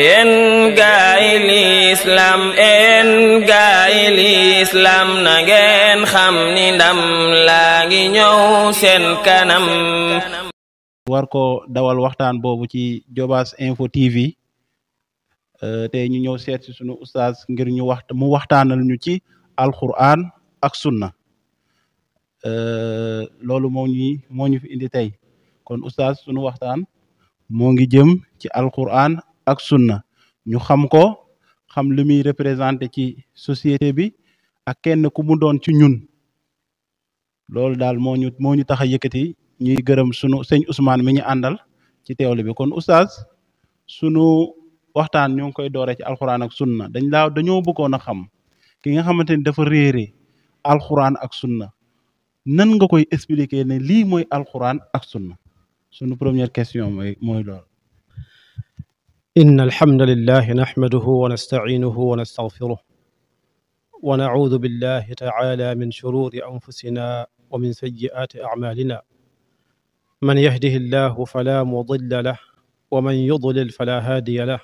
En gaayil islam en gaayil islam na ngeen xam ni ndam laa ngi kanam war ko dawal waxtaan boobu ci Jobaas Info TV euh, te ñu ñëw seet ci sunu oustaz ngir ñu waxt mu waxtaanal ñu ci alquran ak sunna euh, loolu moo ñu moo ñu fi indi tey kon oustaz sunu waxtaan moo ngi jëm ci alquran ak sunna ñu xam ko xam li muy représenté ci société bi ak kenn ku mu doon ci ñun loolu daal moo ñu moo ñu tax a yëkkati ñuy gërëm sunu sëñ Ousmane mi ñu àndal ci teewlu bi kon oustaz sunu waxtaan ñoo ngi koy dooree ci alxuraan ak sunna dañ laa dañoo bëggoon a xam ki nga xamante ni dafa réere alxuraan ak sunna nan nga koy expliquer ne lii mooy alxuraan ak sunna sunu première question mooy lool إن الحمد لله نحمده ونستعينه ونستغفره ونعوذ بالله تعالى من شرور أنفسنا ومن سيئات أعمالنا من يهده الله فلا مضل له ومن يضلل فلا هادي له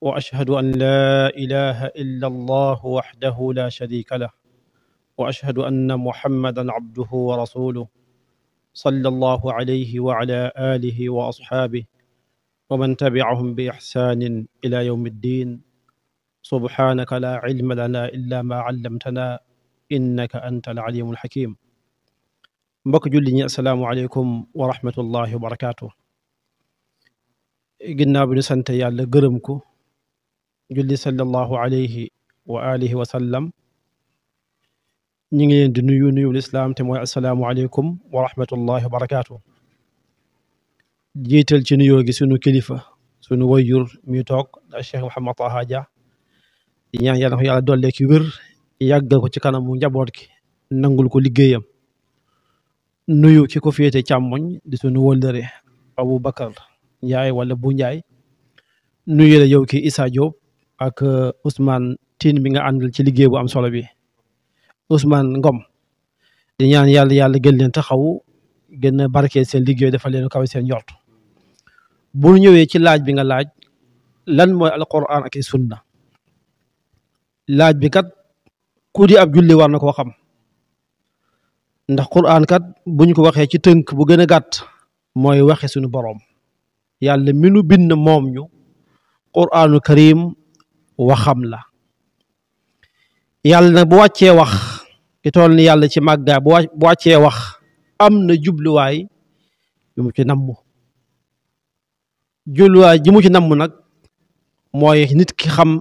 وأشهد أن لا إله إلا الله وحده لا شريك له وأشهد أن محمدا عبده ورسوله صلى الله عليه وعلى آله وأصحابه ومن تبعهم باحسان الى يوم الدين سبحانك لا علم لنا الا ما علمتنا انك انت العليم الحكيم مبك جولي السلام عليكم ورحمه الله وبركاته قلنا بنسنت يا لغرمكو جولي صلى الله عليه واله وسلم نيغي دي نيو نيو الاسلام تموي السلام عليكم ورحمه الله وبركاته jiital ci nuyoo gi sunu kilifa sunu wayjur mi toog da Cheikh Mouhamed Taha di ñaan yàlla ko ki wér yàggal ko ci kanam bu njaboot gi nangul ko liggéeyam nuyu ki ko féete càmmoñ di sunu wëllëre Abou Bakar Ndiaye wala bu Ndiaye nuyu la yow ki Issa Diop ak uh, Ousmane Tine mi nga àndal ci liggéey bu am solo bi Ousmane Ngom di ñaan yàlla yàlla gën leen taxaw gën a barkeel seen liggéey dafa leen kaw seen njort bu ñëwee ci laaj bi nga laaj lan mooy alquran ak sunna laaj bi kat ku di ab julli war na koo xam ndax quran kat buñ ko waxee ci tënk bu gën a gàtt mooy waxe suñu boroom yàlla mi nu moom ñu quranu karim waxam la yàlla na bu wàccee wax ki toll ni yàlla ci màggaay bu wàccee wax am na jubluwaay yu mu ci nammu julluwaay ji mu ci namm nag mooy nit ki xam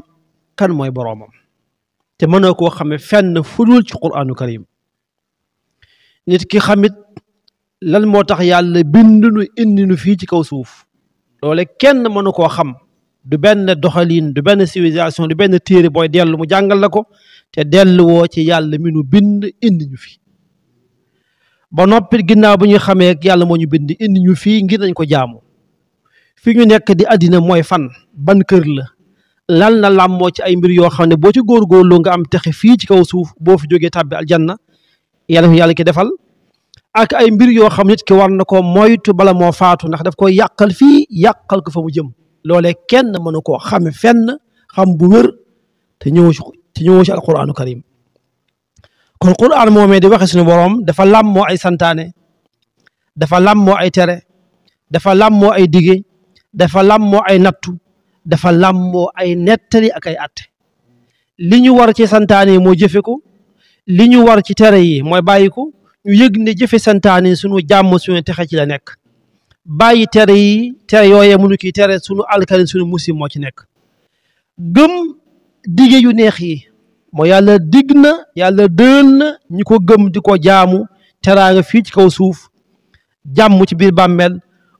kan mooy boroomam te mënoo koo xame fenn fudul ci quraanu karim nit ki xamit lan moo tax yàlla bind nu indi nu fii ci kaw suuf loole kenn mënu koo xam du benn doxalin du benn civilisation du benn téere booy dellu mu jàngal la ko te delluwoo ci yàlla mi nu bind indi ñu fi ba noppi ginnaaw bu ñu xamee yàlla moo ñu bind indi ñu fii ngir nañ ko jaamu fii ñu nekk di àddina mooy fan ban kër la lan la làmboo ci ay mbir yoo xam ne boo ci góorgóorloo nga am texe fii ci kaw suuf boo fi jógee tàbbi aljanna yàlla ko yàlla ki defal ak ay mbir yoo xam nit ki war na ko moytu bala moo faatu ndax daf koy yàqal fii yàqal ko fa mu jëm loolee kenn mënu koo xame fenn xam bu wër te ñëw ci te ñëw ci alquraanu karim kon quraan moomee di waxe suñu boroom dafa làmmoo ay santaane dafa làmmoo ay tere dafa làmmoo ay dige dafa làmmoo ay nattu dafa làmmoo ay nettali ak ay atte li ñu war ci santaane mo jëfe ko li ñu war ci tere yi mooy bàyyi ñu yëg ne jëfe santaane sunu jàmm suñu texe ci la nekk bàyyi tere yi tere yooyee mënu kii tere sunu alkali sunu musim moo ci nekk gëm dige yu neex yi moo yàlla digg na yàlla dël na ñu ko gëm di ko jaamu teraanga fii ci kaw suuf jàmm ci biir bàmmeel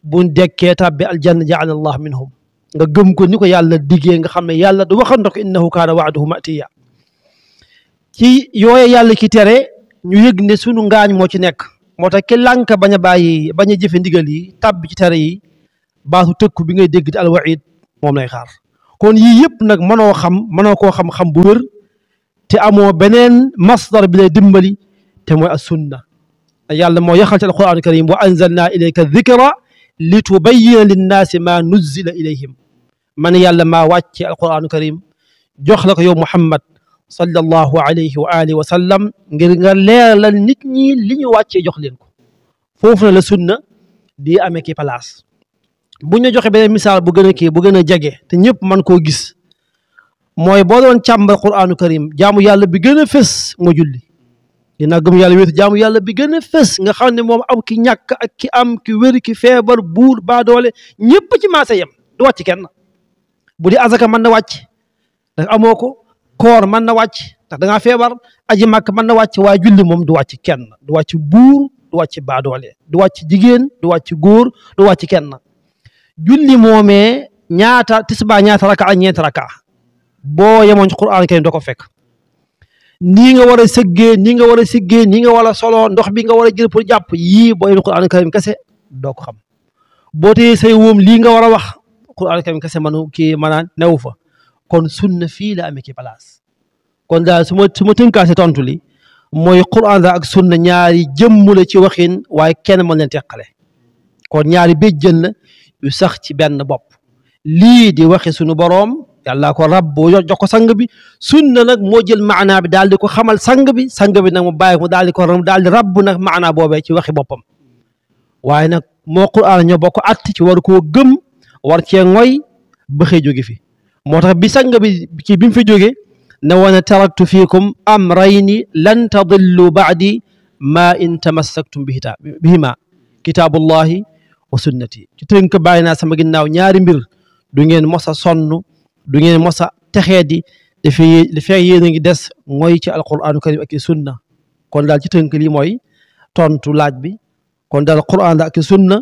buñ dekkee tàbbi aljanna jaala allah minhum nga gëm ko ni ko yàlla diggee nga xam ne yàlla du waxan ko innahu kaana waaduhu matiya ci yooye yàlla ki tere ñu yëg ne sunu ngaañ moo ci nekk moo tax ki lànk bañ a bàyyi bañ a jëfe ndigal yi tàbbi ci tere yi baatu tëkku bi ngay dégg di alwaid moom lay xaar kon yi yëpp nag mënoo xam mënoo koo xam-xam bu wér te amoo beneen masdar bi lay dimbali te mooy as sunna yàlla moo yaxal ci alquran karim wa anzalna ilayka dhikra لتبين للناس ما نزل إليهم من يلا ما وات القرآن الكريم جخلق يوم محمد صلى الله عليه وآله وسلم قال لا نتني لن وات جخلينك فوفنا لسنة دي أميكي بلاس بني جوخي بني مثال بغنى كي بغنى تنيب من كو جيس موي بودون تشامب القرآن الكريم جامو يالا بغنى فس مجولي di naa gëm yàlla wéetu jaamu yàlla bi gën a fës nga xam ne moom am ki ñàkk ak ki am ki wér ki feebar buur baadoole ñëpp ci maase yem du wàcc kenn bu di azaka mën na wàcc ndax amoo ko koor mën na wàcc ndax da feebar aji màkk mën na wàcc waaye julli moom du wàcc kenn du wàcc buur du wàcc baadoole du wàcc jigéen du wàcc góor du wàcc kenn julli moomee ñaata tisbaa ñaata raka ak ñeenti raka boo yemoon ci Qur'an kenn doo ko fekk nii nga war a sëggee nii nga war a siggee nii nga war a soloo ndox bi nga war a jël pour jàpp yii boo yéen Qur'aan karim kese doo xam boo téyee say wóom lii nga war a wax Qur'aan karim kese manu kii manaan new fa kon sunna fii la amee ci place kon daal suma ma su ma tontu li mooy Qur'aan daal ak sunna ñaari jëmm la ci waxin waaye kenn mën leen teqale kon ñaari béjjën la yu sax ci benn bopp lii di waxi sunu boroom yàlla ko rab boo jox ko sang bi sunna nag moo jël maanaa bi daal di ko xamal sang bi sang bi nag mu bàyyi ko daal di ko daal di rabb nag maanaa boobee ci waxi boppam waaye nag moo quraan ñoo bokk ci war ko gëm war cee ngoy bëxee jóge fi moo tax bi sang bi ci bi mu fi jóge ne woon taraktu fiikum amrayni lan tadillu baadi ma in tamassaktum bihita bihima kitaabullahi wa sunnati ci tënk bàyyi naa sama ginnaaw ñaari mbir du ngeen mos a sonn du ngeen mos a texee di dafay dafay yéen a ngi des mooy ci alquranu karim ak sunna kon daal ci tënk lii mooy tontu laaj bi kon daal quran ak ak sunna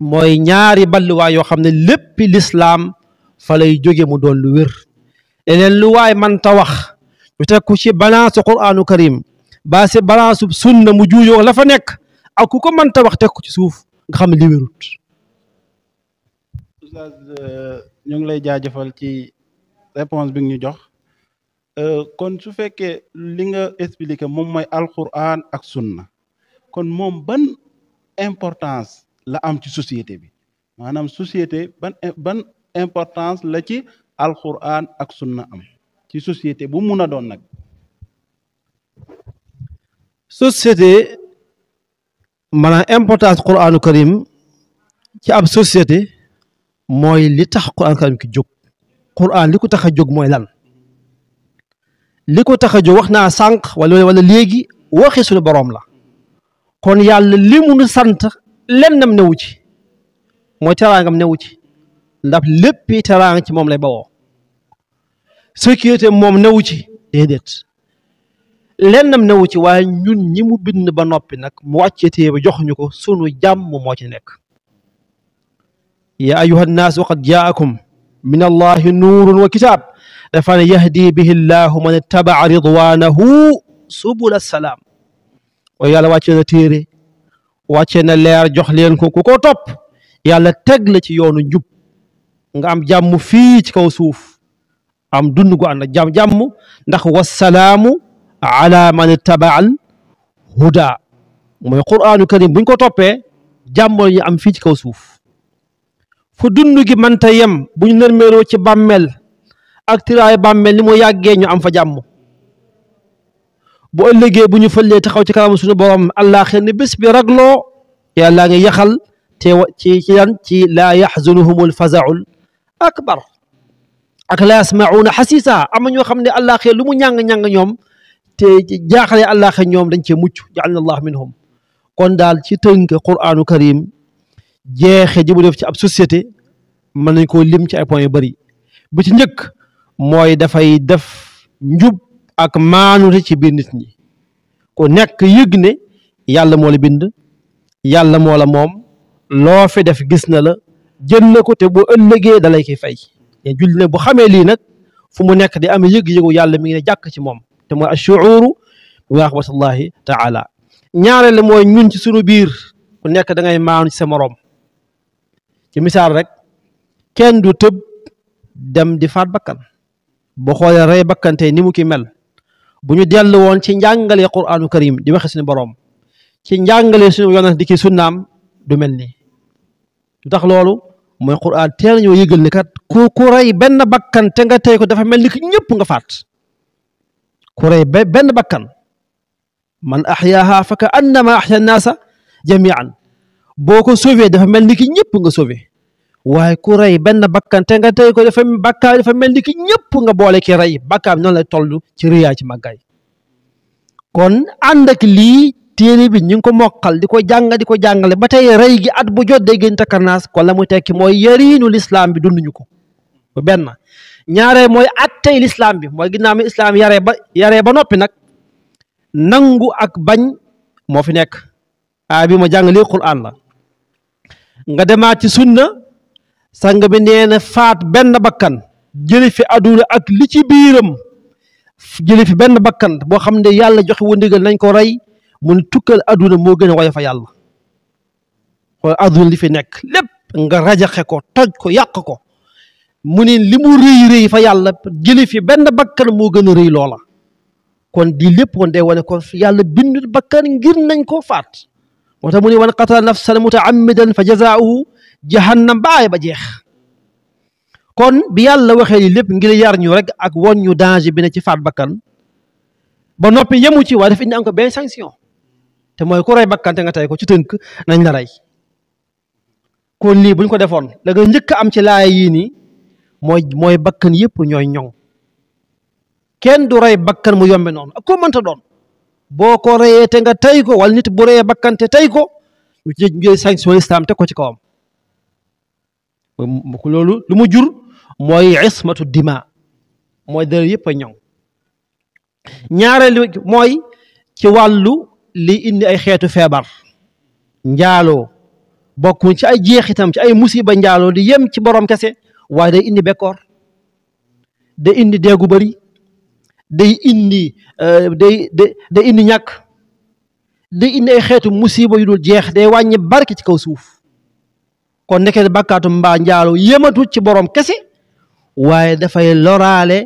mooy ñaari balluwaay yoo xam ne léppi lislaam fa lay jóge mu doon lu wér leneen lu waay man ta wax ñu teg ko ci balance quranu karim ba si balance sunna mu juujoo la fa nekk ak ku ko mën ta wax teg ko ci suuf nga xam ne li wérut oustaz euh, ngi lay jaajëfal ci réponse bi ñu jox euh, kon su fekkee li nga expliqué moom mooy alquran ak sunna kon moom ban importance la am ci société bi maanaam société ban ban importance la ci alquran ak sunna am ci société bu mun a doon nag société maanaam importance quranu karim ci ab société mooy li tax Qur'an karim ki jóg Qur'an li ko tax a jóg mooy lan li ko tax a jóg wax naa sànq wala wala léegi waxi suñu boroom la kon yàlla li munu sant lennam newu ci mooy teraangam newu ci ndax léppi teraanga ci moom lay bawoo sécurité moom newu ci déedéet lennam newu ci waaye ñun ñimu mu bind ba noppi nag mu wàccee téye ba jox ñu ko sunu jàmm moo ci nekk yaa ayuha nnaas waqad jaakum min allahi nuurun wa kitaab dafa ne yahdi bihi llahu man ittabaca ridwanahu subula salaam kon yàlla wàccee na téere wàccee na leer jox leen ko ku ko topp yàlla teg la ci yoonu njub nga am jàmm fii ci kaw suuf am dund gu ànd ak jàmm jàmm ndax wassalaamu ala man ittabaal huda mooy quraanu karim buñ ko toppee jàmm la ñu am fii ci kaw suuf fu dund gi manta yem bu ñu nërmeeroo ci bàmmeel ak tiraay bàmmeel ni moo yàggee ñu am fa jàmm bu ëllëgee bu ñu fëlee taxaw ci kanam suñu borom allah xel ni bés bi ragloo yàllaa ngi yaxal te ci ci yan ci laa yaxzunuhumul fazaul akbar ak laa yasmauna xasiisa am na ñoo xam ne allah xel lu mu ñàng-ñàng ñoom te jaaxale allah xel ñoom dañ cee mucc jaalna allah minhum kon daal ci tënk quraanu karim jeexe ji def ci ab société man nañ ko lim ci ay point yu bari bu ci njëkk mooy dafay def njub ak maanute ci biir nit ñi ku nekk yëg ne yàlla moo la bind yàlla moo la moom loo fi def gis na la jël na ko te bu ëllëgee dalay lay koy fay ya julli ne bu xamee lii nag fu mu nekk di am yëg-yëgu yàlla mi ngi ne jàkk ci moom te mooy ashuuru bi rahmatullahi taala ñaareel mooy ñun ci sunu biir ku nekk da ngay maanu ci sa morom ci misal rek kenn du teub dem di faat bakkan bo xoolee rey ni mu ki mel bu won dellu woon ci karim di waxe suñu borom ci njàngale suñu yonent di ki sunnam du melni tax lolu moy qur'an teel ñoo yegal ni kat ku ku ray ben bakkan te nga tey ko dafa melni ki ñepp nga faat ku ray ben bakkan man ahyaha fa ka annama an nasa, jamian boo ko sauvé dafa mel ni ki ñëpp nga sauvé waaye ku rey benn bakkan te nga tey ko dafa bakkaar dafa mel ni ki ñëpp nga boole ki rey bakkaar noonu lay toll ci riyaa ci màggaay kon ànd ak lii téere bi ñu ngi ko mokkal di ko jàng di ko jàngale ba tey rey gi at bu jot day gën takkarnaas kon la mu tekki mooy yariinu lislaam bi dunduñu ko bu benn ñaaree mooy attey lislaam bi mooy ginnaaw mi islaam yaree ba yaree ba noppi nag nangu ak bañ moo fi nekk aay bi ma jàng lii quraan la nga demaat ci sunna sang bi nee faat benn bakkan jëli fi aduna ak li ci biiram jëli fi benn bakkan boo xam ne yàlla joxe wu nañ koo rey mu ne tukkal aduna moo gën a woyof fa yàlla xool aduna li fi nekk lépp nga rajaxe ko toj ko yàq ko mu ne li mu rëy rëy fa yàlla jëli fi benn bakkan moo gën a rëy loola kon di lépp kon wane kon yàlla bindu bakkan ngir nañ koo faat moo tax mu ne man qatala nafsan mutaammidan fa jazaauhu jahannam baay ba jeex kon bi yàlla waxee li lépp ngir yar ñu rek ak won ñu danger bi ne ci faat bakkan ba noppi yemu ci waaye daf indi am ko benn sanction te mooy ku rey bakkan te nga tey ko ci tënk nañ la rey kon lii buñ ko defoon la njëkk am ci laay yii nii mooy mooy bakkan yëpp ñooy ñoŋ kenn du rey bakkan mu yombe noonu ak koo doon boo ko reyee te nga tey ko wala nit bu reyee bakkan te tey ko ñu jël sanction islam teg ko ci kawam loolu lu mu jur mooy ismatu dima mooy dara yëpp a ñoŋ ñaareelu mooy ci wàllu li indi ay xeetu feebar njaaloo bokkuñ ci ay jeexitam ci ay musiba njaaloo di yem ci borom kese waaye day indi bekkoor day indi deegu bari day indi euh, day day indi ñàkk day indi ay xeetu musiba yu dul jeex day wàññi barke ci kaw suuf kon ndekete bakkaatu mbaa njaaloo yématul ci borom kese waaye dafay loraale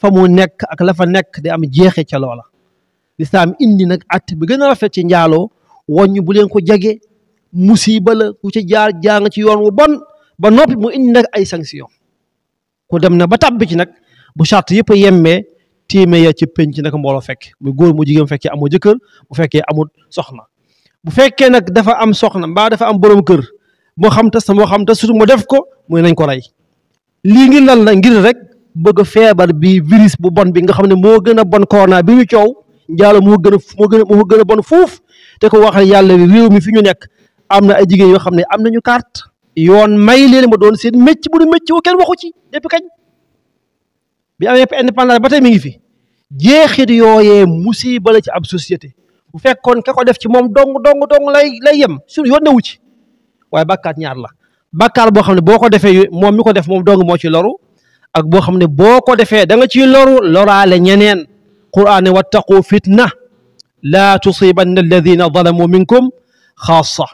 fa mu nekk ak lafa nekk di am jeexe ca loola lislaam indi nag at bi gën a rafet ci njaaloo waññu bu leen ko jege musiba la ku ci jaar jaar nga ci yoon wu bon ba noppi mu indi nag ay sanction ku dem na ba tàbbi ci nag bu charte yëpp yemmee tiime ya ci penc naka mbooloo fekk muy góor mu jigéen mu fekkee amoo jëkkër bu fekkee amul soxna bu fekkee nag dafa am soxna mbaa dafa am borom kër moo xam te moo xam te surtout mu def ko muy nañ ko rey lii ngi lan la ngir rek bëgg feebar bi virus bu bon bi nga xam ne moo gën a bon corona bi ñu coow njaalo moo gën a moo gën a moo gën a bon fuuf te ko waxal yàlla réew mi fi ñu nekk am na ay jigéen yoo xam ne am nañu carte yoon may leen ma doon seen mecc bu du mécc kenn waxu ci depuis kañ bi amé indépendance batay mi ngi fi jeexit yoyé musiba la ci ab société bu fekkoon ka def ci mom dong dong dong lay lay yem su yone wu ci way bakkat ñaar la bakkar bo xamné boko défé mom defee mi ko def mom dong mo ci loru ak bo xamné boko défé da nga ci loru loraale ñeneen qur'an ne wattaqu fitna la tusibanna alladhina zalamu minkum khassa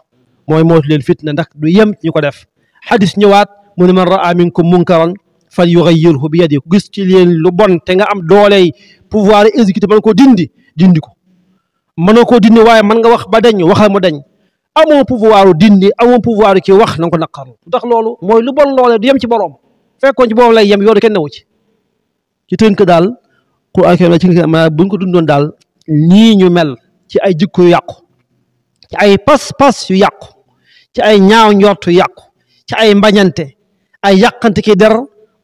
moy moot leen fitna ndax du yem ñu def hadith ñewat mun man raa minkum munkaran fal yughayyirhu bi yadi ku gis ci leen lu bon te nga am dooley pouvoir exécuter mën koo dindi dindi ko mënoo koo dindi waaye mën nga wax ba dañ waxal mu dañ amoo pouvoir dindi amoo pouvoir ci wax na ko ko naqarlu ndax loolu mooy lu bon loolee du yem ci borom fekkoon ci borom lay yem yoonu kenn newu ci ci tënk daal Qur'an la ci maanaam buñ ko dundoon daal nii ñu mel ci ay jikko yu yàqu ci ay pas-pas yu yàqu ci ay ñaaw njort yu yàqu ci ay mbañante ay yàqante ki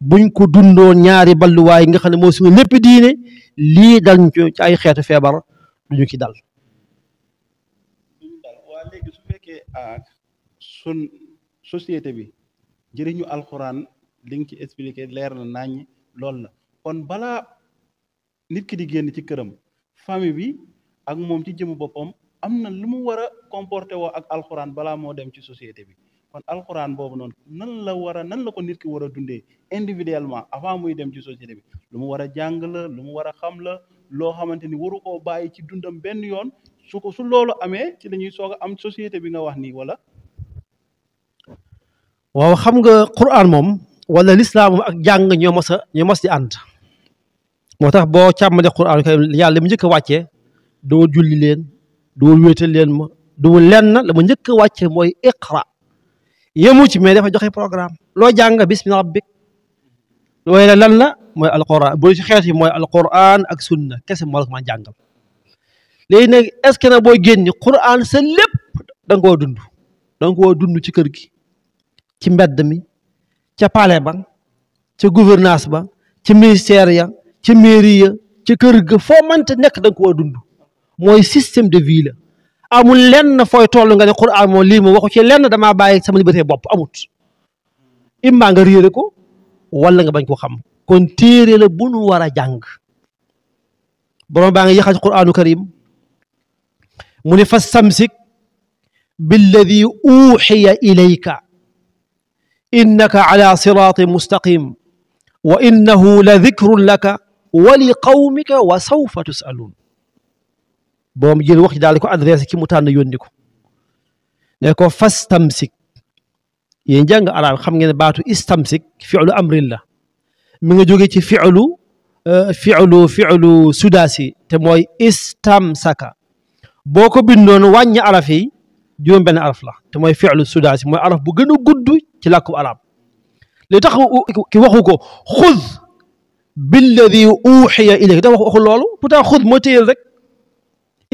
buñ ko dundoo ñaari balluwaay nga xam ne moo suñu lépp diine lii dal ñu ci ay xeetu feebar duñu ci dal fekkee sun société bi jëriñu alxuraan li nga ci expliqué leer na nañ loolu na kon balaa nit ki di génn ci këram famille bi ak moom ci jëmu boppam am na lu mu war a comporté woo ak alxuraan balaa moo dem ci société bi kon alxuraan boobu noonu nan la war a nan la ko nit ki war a dundee individuellement avant muy dem ci société bi lu mu war a jàng la lu mu war a xam la loo xamante ni waru koo bàyyi ci dundam benn yoon su ko su loolu amee ci la ñuy soog a am société bi nga wax nii wala. waaw xam nga Qur'an moom wala lislaam ak jàng ñoo mos a ñoo mos di ànd moo tax boo càmmale Qur'an yàlla mu njëkk a wàccee doo julli leen doo wéetal leen ma doo lenn la ma njëkk a wàccee mooy iqra yemu ci mais dafa joxe programme loo jàng bismi rabbik looy la lan la mooy alquran bu ci xeet yi mooy alquran ak sunna kese moo la ko mën a jàngal léegi nag est ce que nag boo génni quran sa lépp da koo dund da nga dund ci kër gi ci mbedd mi ca palais ba ca gouvernance ba ci ministère ya ci mairie ya ci kër ga foo mënta nekk da nga koo dund mooy système de vie amul lenn fooy toll nga ne Qur'an moom lii moom waxu ci lenn damaa bàyyi sama liberté bopp amut immaa nga réere ko wala nga bañ ko xam kon téere la bu nu war a jàng borom baa nga yàqal Qur'anu karim mu ne fas samsik billadi uuxiya ilayka innaka ala siraatin mustaqim wa innahu la dikrun laka wa li qawmika wa sawfa tusaluun ba mu jël wax ji daal di ko ki mu tànn yónni ko ne ko fastamsik yéen jàng arab xam ngeen baatu istamsik fi'lu amrin la mi nga jóge ci fi'lu euh, fi'lu fi'lu sudaasi te mooy istamsaka boo ko bindoon wàññi araf yi juróom araf la te mooy fi'lu sudaasi mooy araf bu gën a gudd ci làkku arab li tax ki waxu xud billadi uxiya ilayka da wax waxu loolu pourtant xud mooy téyel rek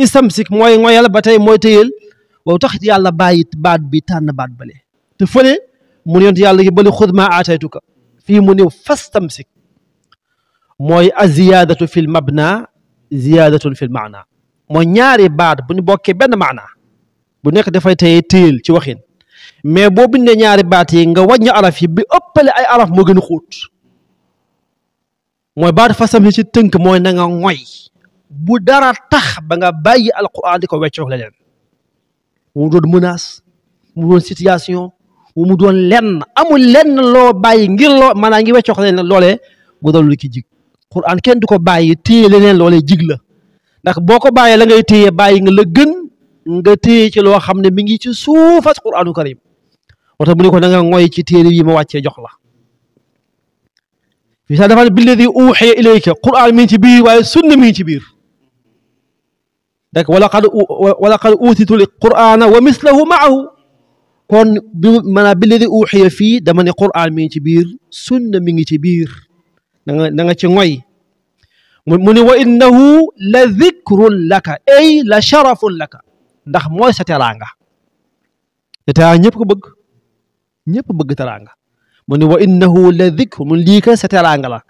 istamsik moy ngoyal ba tey mooy tëyeel waw taxit yàlla bayit baat bi tan baat bale te fële mun yont yàlla gi bali khudma ataytuka fi mun mu ne fastamsik mooy a ziyaadatu mabna ziyaadatun fil ma'na maana ñaari baat bu ñu bokkee benn maana bu da fay tey teyel ci waxin mais bo bindé ñaari bat yi nga wàññi araf yi bi ëppale ay araf mo gën xóot moy baat fastamsik ci teunk moy na nga ngoy bu dara tax ba nga bàyyi alquran di ko weccoog leneen mu doon menace mu doon situation mu doon lenn amul lenn loo bàyyi ngir loo maanaam ngi weccoog leneen loolee bu lu ki jig quran kenn du ko bàyyi téye leneen loolee jig la ndax boo ko bàyyee la ngay téye bàyyi nga la gën nga téye ci loo xam ne mi ngi ci suufas quranu karim moo tax mu ko na nga ngoy ci téere yi ma wàccee jox la fi sax dafa ne billadi waaye sunna mi ngi ci biir داك ولقد ولقد اوتيت القران ومثله معه كون من بالذي اوحي في دمن القران من كبير سنه من كبير نغا تي نوي من وانه لذكر لك اي لشرف لك داخ موي ستيرانغا تا نيب كو بغ نيب بغ ترانغا من وانه لذكر من ليك ستيرانغا لا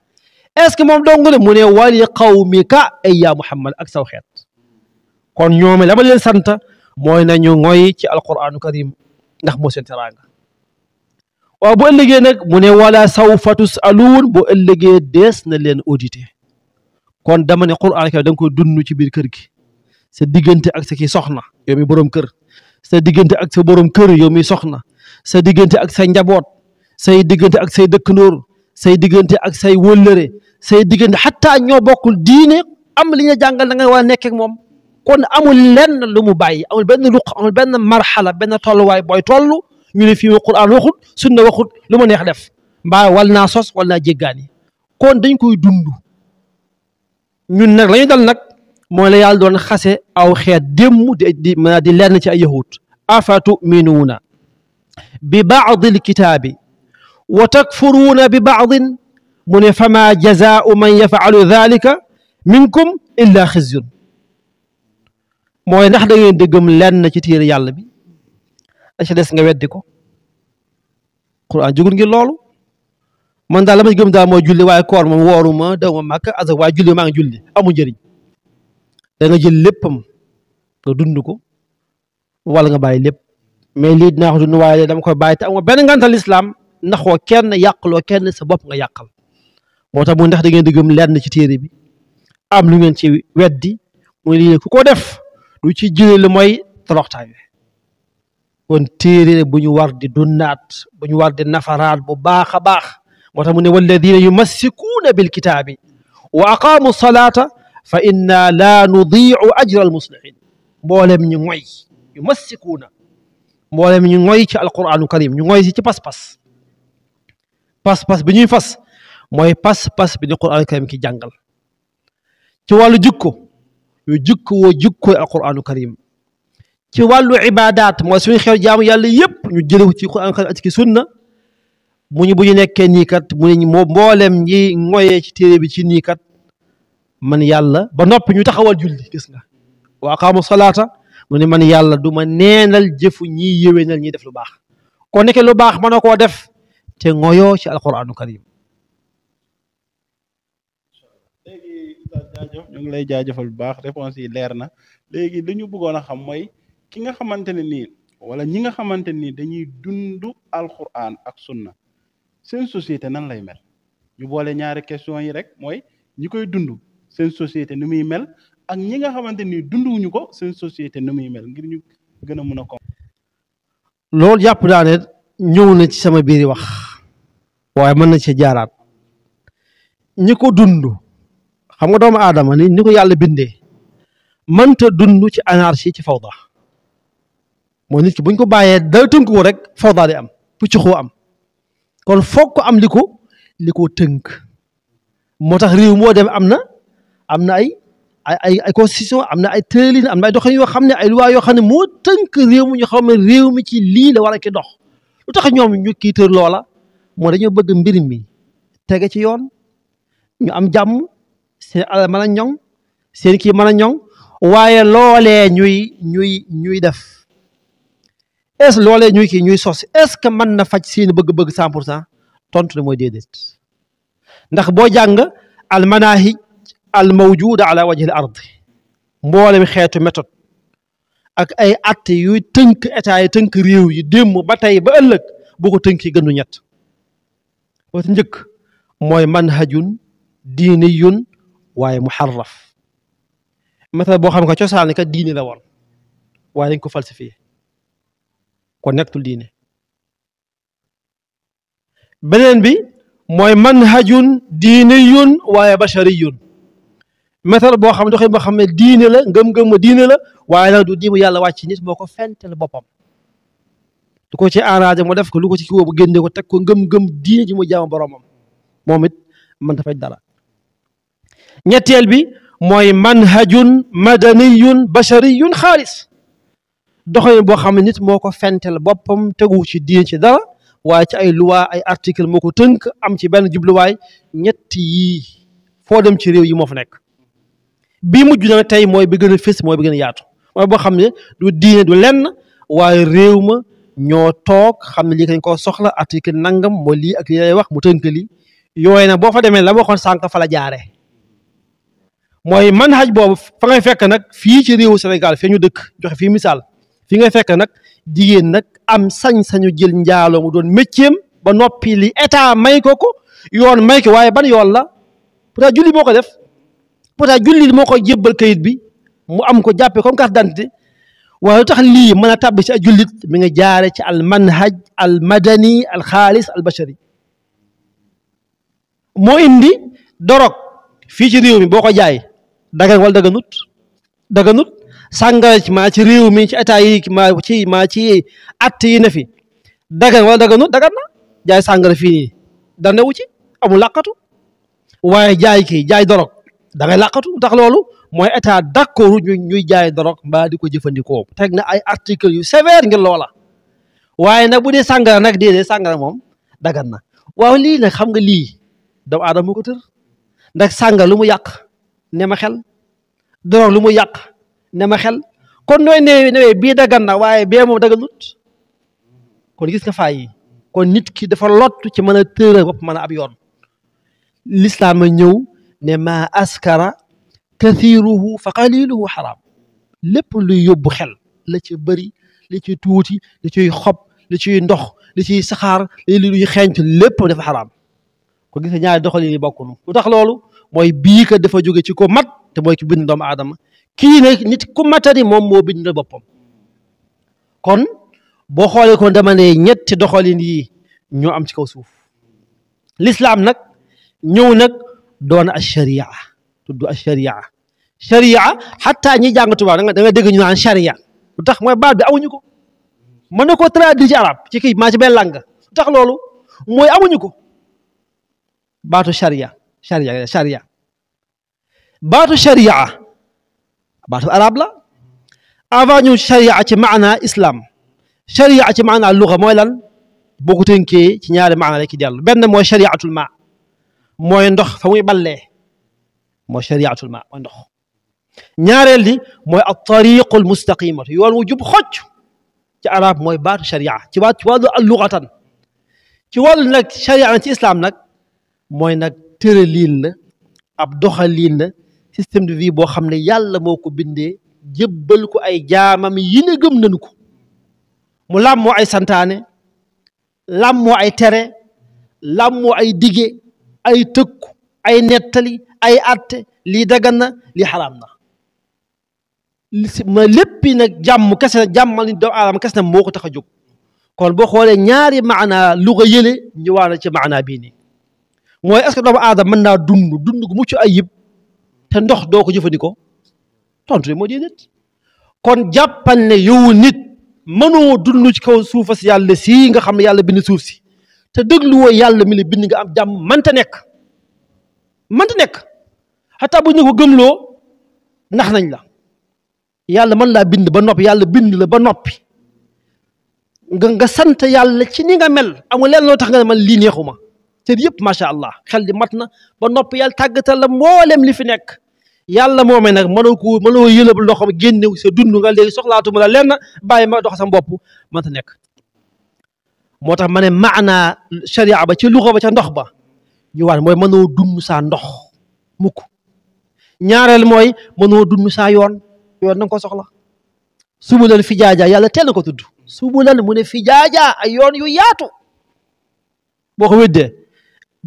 اسكي موم دونغ من ولي قومك اي يا محمد اكثر خير kon ñoome la ma sant mooy nañu ngoy ci alquranu karim ndax moo seen teraanga waaw bu ëllëgee nag mu ne wala sawfa tusaluun bu ëllëgee dees na leen audité kon dama ne quraan karim da koy dund ci biir kër gi sa diggante ak sa ki soxna yow mi boroom kër sa diggante ak sa borom kër yow mi soxna sa diggante ak sa njaboot say diggante ak say dëkkandoor say diggante ak say wëllëre say diggante xataa ñoo bokkul diine am li ñu jàngal da nga war a moom kon amul len lu mu bàyyi amul ben ruq amul benn marxala benn tolluwaay boy tollu ñu ne fii qur'an quraan waxut sunna waxut lu ma neex def mba walna sos wal naa kon dañ koy dundu ñun nak lañu dal nak moy la yàlla doon xasse aw xet dem di di di lenn ci ay yahut afatu minuna bi baadi alkitaabi wa takfuruna bi ba'd mun ne fama jazaau man yafalu dhalika minkum illa khizyun mooy ndax da ngeen dëggam ci téere yàlla bi da ci des nga weddi ko Quraan jugul ngir loolu man daal la ma gëm daal mooy julli waaye koor moom wooruma daw ma màkk asa waaye julli maa ngi julli amu njëriñ da nga jël léppam nga dund ko wala nga bàyyi lépp mais lii dinaa ko dund waaye dama koy bàyyi te amoo benn ngantal lislaam ndaxoo kenn yàqloo kenn sa bopp nga yàqal moo tax mu ndax da ngeen di gëm lenn ci téere bi am lu ci weddi mu ne lii ku ko def lu ci jëlee la mooy toroxtaange kon téere bu ñu war di dunnaat bu ñu war di nafaraat bu baax a baax moo tax mu ne walladina yumassikuuna bilkitaabi wa aqaamu salaata fa inna laa nudiicu ajra almuslihin mboolem ñu ngoy yumassikuuna mboolem ñu ngoy ci alquranu karim ñu ngoy si ci pas-pas pas-pas bi ñuy fas mooy pas-pas bi di quranu karim ki jàngal ci wàllu jikko يجكو وجكو القرآن الكريم كوالو عبادات ما سوين خير جام يلا يب نجلو تيكو أنك أتكي سنة مني بني نكني كات مني مبالم يي نوي تيري بتشني كات من يلا بنوب نجوت خوال جل كسنا وأقام الصلاة مني من يلا دوما نينال جفو ني يوينال ني دفلو باخ كونك لو باخ منو كو دف تنغيو شال القرآن الكريم ñu ngi lay jaajëfal bu baax réponse yi leer na léegi dañu buggoon a xam mooy ki nga xamante ne nii wala ñi nga xamante nii dañuy dund alquran ak sunna seen société nan lay mel ñu boole ñaari question yi rek mooy ñi koy dund seen société ni muy mel ak ñi nga xamante ni dunduwuñu ko seen société ni muy mel ngir ñu gën a mën a ko loolu jàpp naa ne ñëw na ci sama biir wax waaye mën na ci jaaraat ñi ko dund xam nga doomu aadama ni ni ko yàlla bindee mënta dund ci anarchie ci fawda mooy nit ki buñ ko bàyyee da tënk ko rek fawda di am pucc xoo am kon foog ko am liko ko li ko tënk moo tax réew moo dem am na am na ay ay ay constitution am na ay tëralin am na ay doxalin yoo xam ne ay luwaa yoo xam ne moo tënk réew mi ñu xam ne réew mi ci lii la war a ki dox lu tax ñoom ñu kii tër loola moo dañoo bëgg mbir mi tege ci yoon ñu am jàmm seen alal mën a ñoŋ seen kii mën a ñoŋ waaye loole ñuy ñuy ñuy def est loole loolee ñuy kii ñuy sos est-ce que mën na faj seen bëgg-bëgg cent pour cent tontu ne mooy déedéet ndax boo jàng al manahij al mawjuda ala wajhi al mboole mboolem xeetu méthode ak ay at yuy tënk état yi tënk réew yu démb ba tey ba ëllëg boo ko tënki gënu ñett wata njëkk mooy manhajun yun waaye mu xarraf méthode boo xam ko cosaan ka diine la war waaye dañ ko falsifié ko nektul diine beneen bi mooy manhajun diiniyun waaye bashariyun méthode boo xam ne boo xam ne diine la ngëm-ngëm ma diine la waaye nag du diimu yàlla wàcc nit moo ko fentel boppam du ko ci arrangé mu def ko lu ko ci kii woo bu génne ko teg ko ngëm-ngëm diine ji mu jaam boromam moom it man dafay dara ñetteel bi mooy manhajun madaniyun bashariyun xaalis doxalin boo xam ne nit moo ko fenteel boppam tegu ci diin ci dara waaye ci ay loi ay article moo ko tënk am ci benn jubluwaay ñetti yii foo dem ci réew yi moo fa nekk bi mujj nag tey mooy bi gën a fës mooy bi gën a yaatu mooy boo xam ne du diine du lenn waaye réew ma ñoo toog xam ne lii kañ koo soxla article nangam mooy lii ak lii lay wax mu tënk lii yooyu nag boo fa demee la waxoon sànq fa la jaaree moy manhaj bobu fa ngay fekk nak fi ci réewu Sénégal fii ñu dëkk jox fi misal fi ngay fekk nak jigéen nak am sañ-sañu jël ndialo mu doon métiem ba nopi li état may ko ko yoon may ko waye ban yoon la pourtant julli moo def pourtant julli moko jébal kayit bi mu am ko jappé comme carte d'identité waaye tax li mën tab ci julit mi nga jaare ci al manhaj al madani al khalis al bashari mo indi dorok fi ci réew mi boo jaay dagan wala daganut daganut sàngara ci maa ci réew mi ci état yi maa ci maa ci att yi ne fi dagan wala daganut dagan na jaay sàngara fii nii dandewu ci amul làqatu waaye jaay kii jaay dorog da ngay làqatu tax loolu mooy état d'accord ñu ñuy jaay dorog mbaa di ko jëfandikoo teg na ay article yu sévère ngir loola waaye nag bu dee sàngara nag déedéet sàngara moom dagan na waaw lii nag xam nga lii doomu aadama moo ko tër ndax sàngara lu mu yàq nema xel doroog lu mu yàq nema xel kon noy ne newee bii dagan na be mo moom daganut kon gis nga fay kon nit ki dafa lot ci meuna teure bop meuna ab yoon l'islam a ñëw ne ma askara kathiruhu fa qaliluhu haram lépp luy yóbbu xel la ci bëri li ci tuuti li ci xop li ci ndox li ci saxar li luy xenc lépp dafa haram ko gis nga ñaari doxali ni bokku lu tax lolu Moy bi ka dafa joge ci ko mat te moy ki bind adam aadama kii ne nit ku matari mom mo bind kon bo xoolee ko dama ne ñetti doxalin yi ñoo am ci kaw suuf l'islam nak ñew nak doona a sharia tuddu a sharia sharia hatta ñi jàng tubaab da nga deg ñu nan sharia lu tax mooy baat bi amuñu ko traduire ci arab ci ki ma ci benn langue tax loolu mooy amuñu baatu sharia sharia sharia baatu sharia baatu arab la avant ñu sharia ci maana islam sharia ci maana luga mooy lan boo ko tënkee ci ñaari maana la ki dellu benn mooy shariatul ma mooy ndox fa muy ballee mooy shariatul ma mooy ndox ñaareel li mooy al tariqul mustaqimatu yoon wu jub xocc ci arab mooy baatu sharia ci waat ci wàllu al lugatan ci wàllu nag sharia ci islam nag mooy nag tëraliin la ab doxaliin la système de vie boo xam ne yàlla moo ko bindee jébbal ko ay jaamam yi ne gëm nañu ko mu làmmoo ay santaane làmmoo ay tere làmmoo ay dige ay tëkku ay nettali ay atte lii dagan na lii xaraam na ma léppi nag jàmm kese na jàmmal ni doomu aadama kese na moo ko tax a jóg kon boo xoolee ñaari maanaa lu ko yële ñëwaana ci maanaa bii mooy est-ce doomu aadama mën naa dund dund gu mucc ayib te ndox doo ko jëfandikoo tontu li moo déedéet kon jàppal ne yow nit mënoo dund ci kaw suufas yàlla sii nga xam ne yàlla bind suuf si te dégluwoo yàlla mi la bind nga am jàmm mënta nekk mënta nekk xataa bu ñu ko gëmloo ndax nañ la yàlla mën laa bind ba noppi yàlla bind la ba noppi nga nga sant yàlla ci ni nga mel amul lenn loo tax nga ne man lii neexuma yep ma sha allah xel di matna ba nopp yàlla tàggatal la mboolem li fi nek yàlla momé nak manoko mano yëlëb loxam génne sa dundu nga léegi soxlaatuma la lenn baye ma dox sa mbop ma ta nek motax mané ne sharia ba ci luxa ba ci ndox ba ñu waan moy mano dund sa ndox mukk ñaareel moy mano dund sa yoon yoon nang ko soxla. subu leen yàlla tel ko tudd subu leen ay yoon yu yaatu boko wedde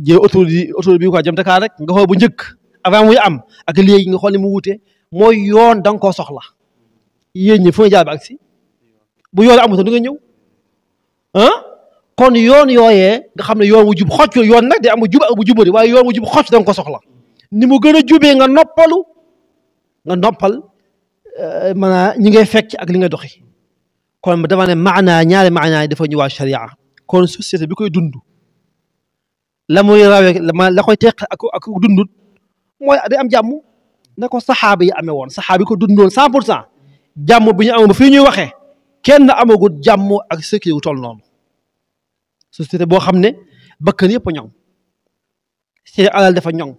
jël autoroute autoroute bi quoi jëm Dakar rek nga xool bu njëkk avant muy am ak léegi nga xool ni mu wuute mooy yoon da nga koo soxla yéen ñi fu nga jaar ba agsi bu yoon amutoon du nga ñëw kon yoon yooyee nga xam ne yoon wu jub xocc yoon nag day am bu jub ak bu jubari waaye yoon wu jub xocc da ko soxla ni mu gën a jubee nga noppalu nga noppal euh, maanaa ñi ngay fekk ak li nga doxi kon dama ne maanaa ñaari maanaa yi dafa ñëwaat sharia kon société bi koy dund la muy rawee ma la koy teq ak ak dundut mooy day am jàmm na ko saxaaba yi amee woon saxaaba yi ko dundoon cent pour cent jàmm bi ñu amoon fii ñuy waxee kenn amagul jàmm ak sécurité wu toll noonu société boo xam ne bakkan yëpp a ñoŋ seen alal dafa ñoŋ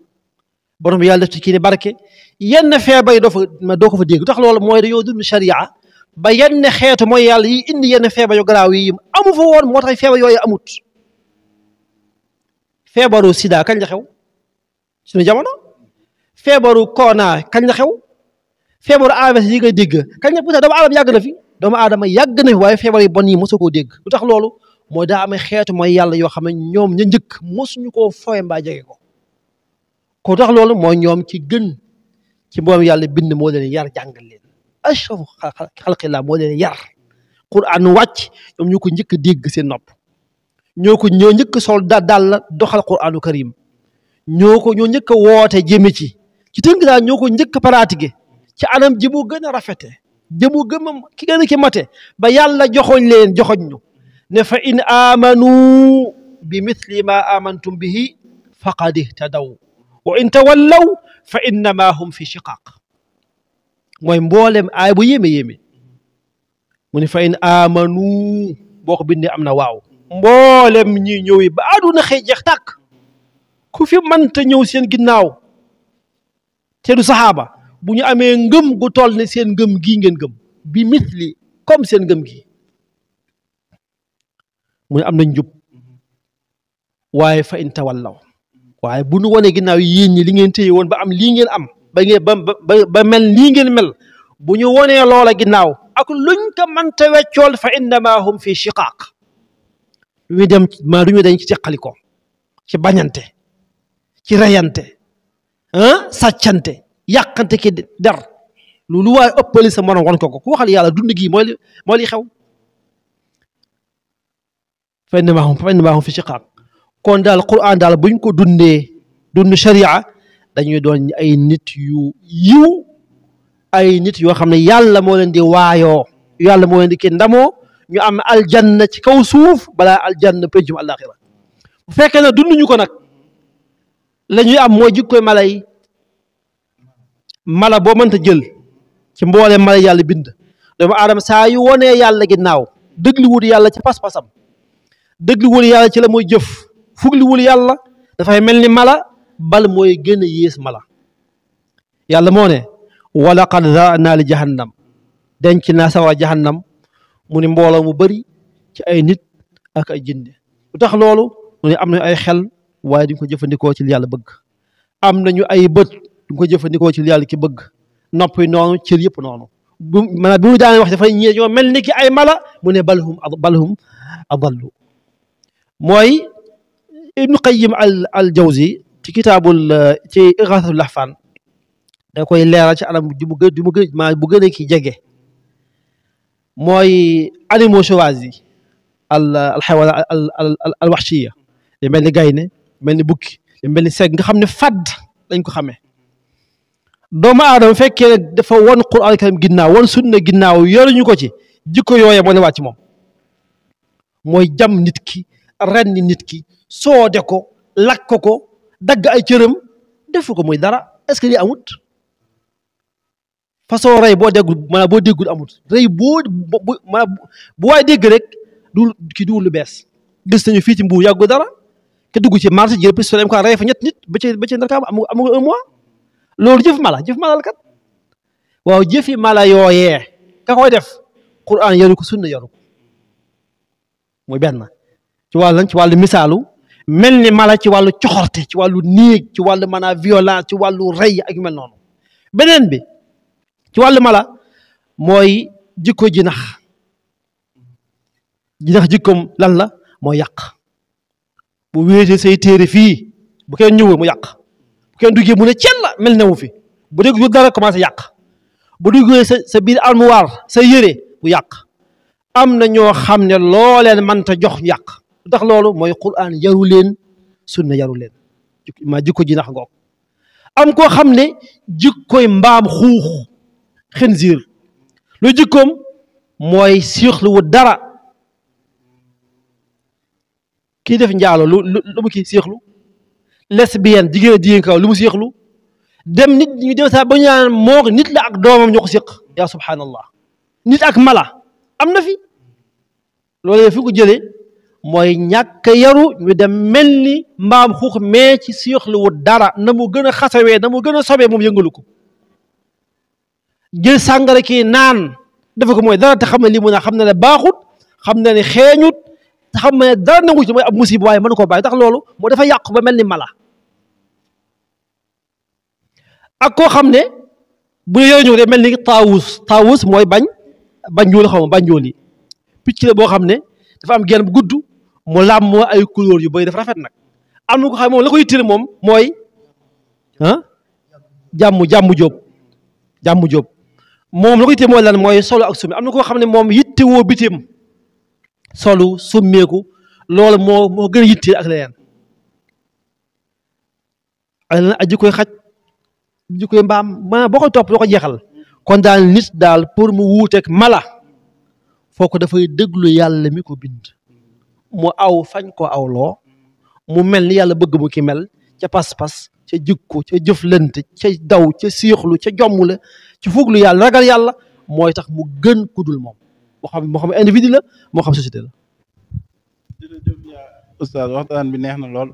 borom yàlla def ci kii ne barke yenn feebar yi doo fa doo ko fa dégg tax loolu mooy dañoo dund sharia ba yenn xeetu mooy yàlla yi indi yenn feebar yu garaaw yi amu fa woon moo tax feebar yooyu amut feebaru sida kañ la xew suñu jamono feebaru corona kañ la xew feebaru AVC yi ngay dégg kañ la pourtant doomu aadama yàgg na fi doomu aadama yàgg na fi waaye feebar yu bon yi mosoo koo dégg lu tax loolu mooy daa amee xeetu mooy yàlla yoo xam ne ñoom ña njëkk mosuñu koo fowe mbaa jege ko ko tax loolu mooy ñoom ci gën ci moom yàlla bind moo leen yar jàngal leen ashrafu xalqillah moo leen yar quran wàcc ñoom ñu ko njëkk dégg seen nopp ñoo ko ñoo njëkk a sol daal la doxal quraanu karim ñoo ko ñoo njëkk a woote jëme ci ci tënk daal ñoo ko njëkk a ci anam ji mu gën a rafete jëmu gëm ki gën mate ba yàlla joxoñ leen joxoñ ñu ne fa in amanu bi mithli ma amantum bihi faqad ihtadaw wa in tawallaw fa innama hum fi shiqaq mooy mboolem aay bu yéeme yéeme mu ne fa in amanu boo ko bindee am na waaw mboolem ñi ñëw yi ba àdduna xëy jeex tàkk ku fi mënta ñëw seen ginnaaw te du saxaaba bu ñu amee ngëm gu tol ne seen ngëm gii ngeen gëm bi misli comme seen ngëm gi mu ne am nañ njub waaye fa in tawallaw waaye bu nu wanee ginnaaw yéen ñi li ngeen téye woon ba am lii ngeen am ba mel lii ngeen mel bu ñu wonee loola ginnaaw ak luñ ko mënta weccool fa innama hum fi shiqaaq wedam maa du ñu dañ ci caqalikoo ci bañante ci reyante ah sàccante yàqante ki der lu waaye ëppali sa morom wan ko ko ku waxal yàlla dund gii mooy li mooy li xew fa innamahum fa fi shiqaaq kon daal quran daal buñ ko dundee dund sharia dañuy doon ay nit yiw ay nit yoo xam ne yàlla moo leen di waayoo yàlla moo leen ñu am aljanna ci kaw suuf balaa aljanna péncum àllaaxira bu fekkee ne dunduñu ko nag la ñuy am mooy jikkoy mala yi mala boo mënta jël ci mboolee mala yàlla bind doomu aadama saa yu wonee yàlla ginnaaw dëgli wul yàlla ci pas-pasam dëgli wul yàlla ci la mooy jëf fugli wul yàlla dafay mel ni mala bal mooy gën a mala yàlla moo ne walaqad zaana li jahannam denc naa sawara jahannam mu ne mbooloo mu bari ci ay nit ak ay jinde lu tax loolu mu ne am ay xel way di ko jëfëndiko ci li yàlla bëgg amna ñu ay bëtt di ko jëfëndiko ci li yàlla ki bëgg nopi nonu ci yëpp nonu man bu mu daan wax dafa ñee ñoo melni ki ay mala mu ne balhum balhum adallu moy ibn qayyim al al jawzi ci kitabul ci ighathul lahfaan da koy leral ci alam bu mu gën bu mu gën maa bu gëne ki jege mooy animaux sauvages yi al alxaywaan al waxshiya li mel ni gaynde li mel ni bukki li mel ni segg nga xam ne fàdd lañ ko xamee doomu aadama fekkee ne dafa won quraan karim ginnaaw won sunna ginnaaw yoruñu ko ci jikko yooye moo ne wàcc moom mooy jam nit ki ren nit ki soode ko lakk ko dagg ay cëram defu ko muy dara est-ce que lii amut façon rey boo déggul maanaam boo déggul amut rey boo bu maanaam bu dégg rek du kii duwul lu bees gis nañu fii ci mbuur yàggu dara te dugg ci marché jël pistolet am rey fa ñett nit ba ci ba ci ndakaam am am loolu jëf mala jëf mala la kat waaw mala yooyee ka koy def quran yaru ko sunna yaru ko benn ci wàllu ci wàllu misaalu mel ni mala ci wàllu coxorte ci wàllu néeg ci wàllu mën a ci wàllu rey ak yu mel beneen bi ci wàllu mala mooy jikko jinax jinax jikkoom lan la moo yàq bu wéete say téere fii bu kenn ñëwee mu yàq bu kenn duggee mu ne cel mel newu fi bu dégg dara commencé yàq bu duggee sa sa biir almuwaar sa yére bu yàq am na ñoo xam ne loo leen mënta jox yàq ndax loolu mooy quraan yaru leen sunna yaru leen maa jikko jinax ngoog am koo xam ne jikkoy mbaam xuux خنزير لو يجيكم موي سيخ لو دارا كي ديف نجالو لو لو كي سيخ لو لسبيان ديغي ديين كاو لو سيخ لو ديم نيت ني ديو سا با نيان موك نيت لا اك دومام نيو سيخ يا سبحان الله نيت اك ملا امنا في لولا فيكو جيلي موي نياك يارو ني ديم ملني مام خوخ مي سي سيخ لو دارا نمو غنا خاسوي نمو غنا صوبي موم يڠلوكو jël sàngara ki naan dafa ko mooy dara te xam ne lii mun a xam ne ne baaxut xam ne ne xeeñut te xam ne dara nangu ci mooy ab musiba waaye mën koo bàyyi tax loolu moo dafa yàqu ba mel ni mala ak koo xam ne bu ñu yore mel ni taawus taawus mooy bañ banjool xaw ma banjool yi picc la boo xam ne dafa am genn bu gudd mu làmmoo ay couleur yu bëri dafa rafet nag am na ko xam moom la koy moom mooy ah jàmm jàmm jóob jàmm moom la ko yitte mooy lan mooy solo ak summi am na koo xam ne moom yitte woo bitim solu summeeku lool moo moo gën a yitte ak leneen ak leneen xaj jikkoy mbaam maanaam boo ko topp doo ko jeexal kon daal nit daal pour mu wuuteeg mala foo ko dafay déglu yàlla mi ko bind mu aw fañ ko awloo mu mel ni yàlla bëgg mu ki mel ca pas-pas ca jikko ca jëflante ca daw ca siixlu ca jommule ci fooglu yàlla ragal yàlla mooy tax mu gën ku dul moom moo xam moo xam individu la moo xam société la. jërëjëf yaa oustaz waxtaan bi neex na lool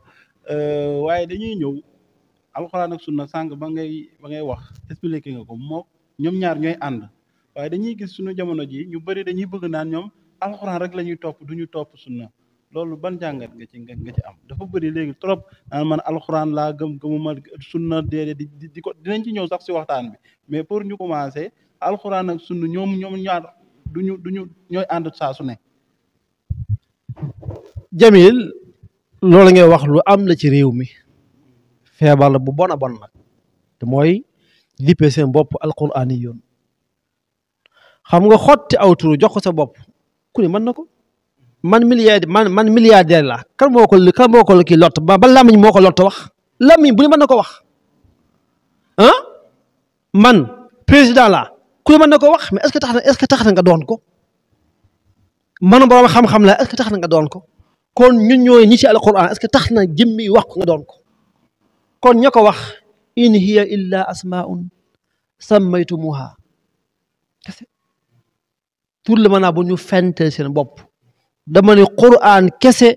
euh, waaye dañuy ñëw alxuraan ak sunna sànq ba ngay ba ngay wax expliqué nga ko moo ñoom ñaar ñooy ànd waaye dañuy gis suñu jamono ji ñu bëri dañuy bëgg naan ñoom alxuraan rek lañuy ñuy topp du ñu topp sunna loolu ban jàngat nga ci nga ci am dafa bëri léegi trop naan man alxuraan laa gëm gëmuma sunna déedéet di di ko dinañ ci ñëw sax si waxtaan bi mais pour ñu commencer alxuraan ak sunna ñoom ñoom ñaar duñu duñu ñooy ànd saa su ne jamil loolu ngay wax lu am la ci réew mi feebal bu bona a bon nag te mooy lippee seen bopp alxuraan yi yoon xam nga xotti aw turu jox ko sa bopp ku ne mën na ko man milliard man man milliardaire la kan moo ko kan moo ko kii lott ba ba làmmiñ moo ko lott wax làmmiñ bu ne mën na ko wax ah man président la ku ne mën na ko wax mais est que tax na est-ce tax na nga doon ko man borom xam-xam la tax na nga doon ko kon ñu ñooy ñi ci alquran est-ce que tax na jëmmi wax ko nga doon ko kon ña ko wax in hiya illa asmaun sammaytumuha kese tur la mën naa bu ñu fente seen bopp dama ne quraan kese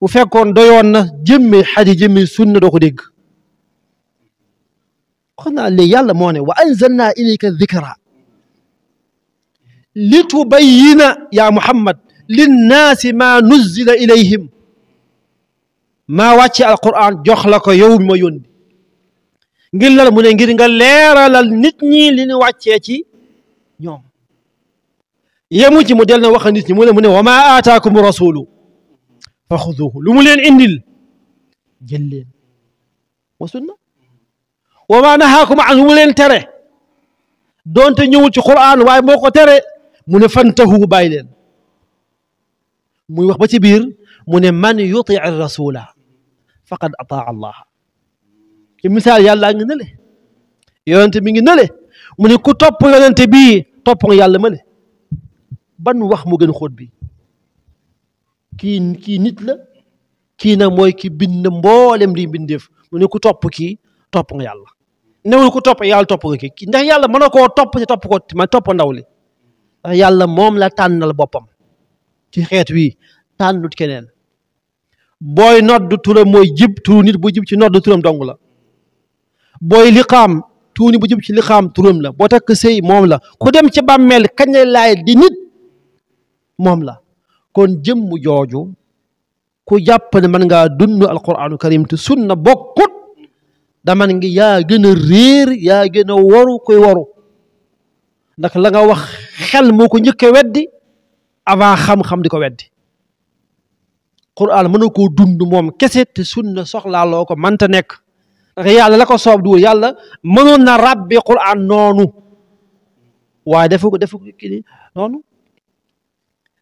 bu fekkoon doyoon na jëmmi xaji sunna doo ko dégg kon naa yàlla moone ne wa anzalna ilayka dikra li tubayyina yaa muhammad linnaasi maa nuzzila ilayhim maa wàcce alquran jox la ko yow mi ma ngir lal mu ngir nga leeralal nit ñi li ñu wàccee ci ñoom يموجي مودلنا وخا نيت مولا مني وما اتاكم الرسول فخذوه لمولين عندل جلين وسنه وما نهاكم عنه مولين ترى دونت نيو تي قران واي بوكو ترى من فنته بايلين موي واخ باتي بير من من يطيع الرسول فقد اطاع الله مثال يالا نالي يونت ميغي نالي من كو توب يونت بي توب يالا مالي ban wax mu gën a xóot bi ki ki nit la ki na moy ki bind mbollem li bindef mu ne ku top ki top nga yàlla newul ku top yàlla top nga ki ndax yàlla mën koo topp te topp ko ma top ndaw li yàlla mom la tanal bopam ci xet wi tanut kenen boy noddu tura moy jib tu nit bu jib ci noddu turam dong la boy liqam tuuni bu jib ci liqam turam la bo tak sëy mom la ku dem ci bammel kagne lay di nit moom la kon jëmm jooju ku jàpp ne man ngaa dund alquraanu karim te sunna bokkut daman ngi yaa gën a réer yaa gën a waru koy waru ndax la nga wax xel moo ko njëkk a weddi avant xam-xam di ko weddi quraan mën na dund moom kese te sunna soxlaaloo ko mënta nekk ndax yàlla la ko soob duwul yàlla mënoon na ràbbi quraan noonu waaye defu ko defu noonu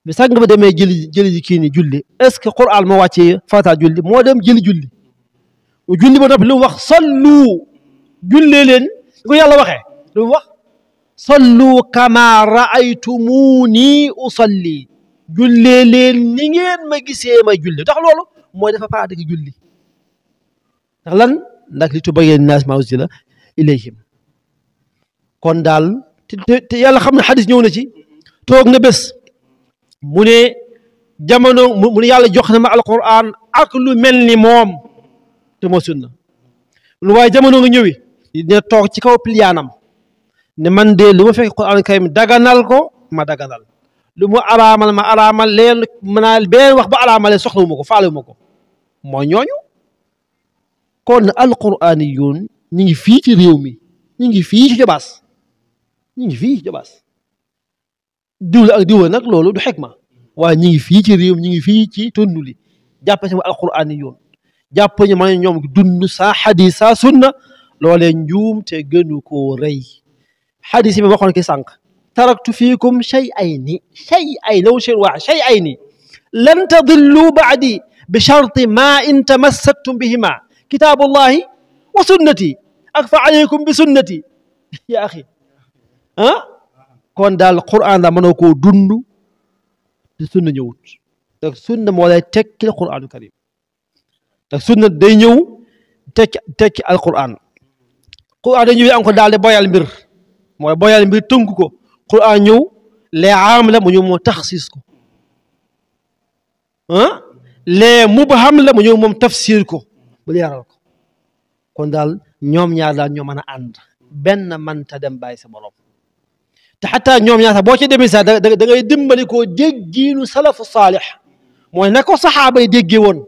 bi sang bi demee jëli jëli ji kii ni julli est-ce que Qur'an moo wàccee fata julli moo dem jëli julli julli ba noppi lu wax sallu jullee leen ko yàlla waxee lu wax sallu kama raaytumuuni usalli jullee leen ni ngeen ma gisee ma julli ndax loolu mooy dafa paa dëgg julli ndax lan ndax li tubayyina naas maa unzila ilayhim kon daal te yàlla xam ne xadis ñëw na ci toog na bés mu ne jamono mu ne yàlla jox na ma alquran ak lu mel ni moom te na sunna lu waaye jamono nga ñëwi ne toog ci kaw piliyaanam ne man de lu ma fekk quran karim daganal ko ma daganal lu mu araamal ma araamal leen mën naa wax ba araamalee soxlawu ma ko faalewu ma ko mooy ñooñu kon alquran yi yoon ñu ngi fii ci réew mi ñu ngi fii ci jobaas ñu ngi fii ci jobaas diw la ak diwa nag loolu du xekma waaye ñi ngi fii ci réew ñi ngi fii ci tund li jàpp si ma alquraan yi yoon jàpp ñu ma ñoom dund saa xadis saa sunna loolee njuum te gënu koo rëy xadis yi ma waxoon ki sànq taraktu fiikum shay ay ni shay ay law shay waa shay ay ni lan tadillu baadi bi charti ma in tamassaktum bihima kitaabullahi wa sunnati ak fa alaykum bi sunnati yaa axi ah kon dal quran da manoko dundu ci sunna ñëwut tak sunna mo lay tekkil qur'an karim tak sunna day ñëw tek tek al quran quran day ñëw am ko daal di boyal mbir moy boyal mbir tunku ko quran ñëw le am la mu ñu mo taxsiis ko han le mubham la mu ñu mom tafsir ko bu leeral ko kon dal ñom ñaar dal ñu mëna and ben man ta dem bay sa borom te xataa ñoom ñaar sax boo ci demee sa da da ngay dimbali koo déggiinu salafu saalix mooy na ko saxaaba yi déggee woon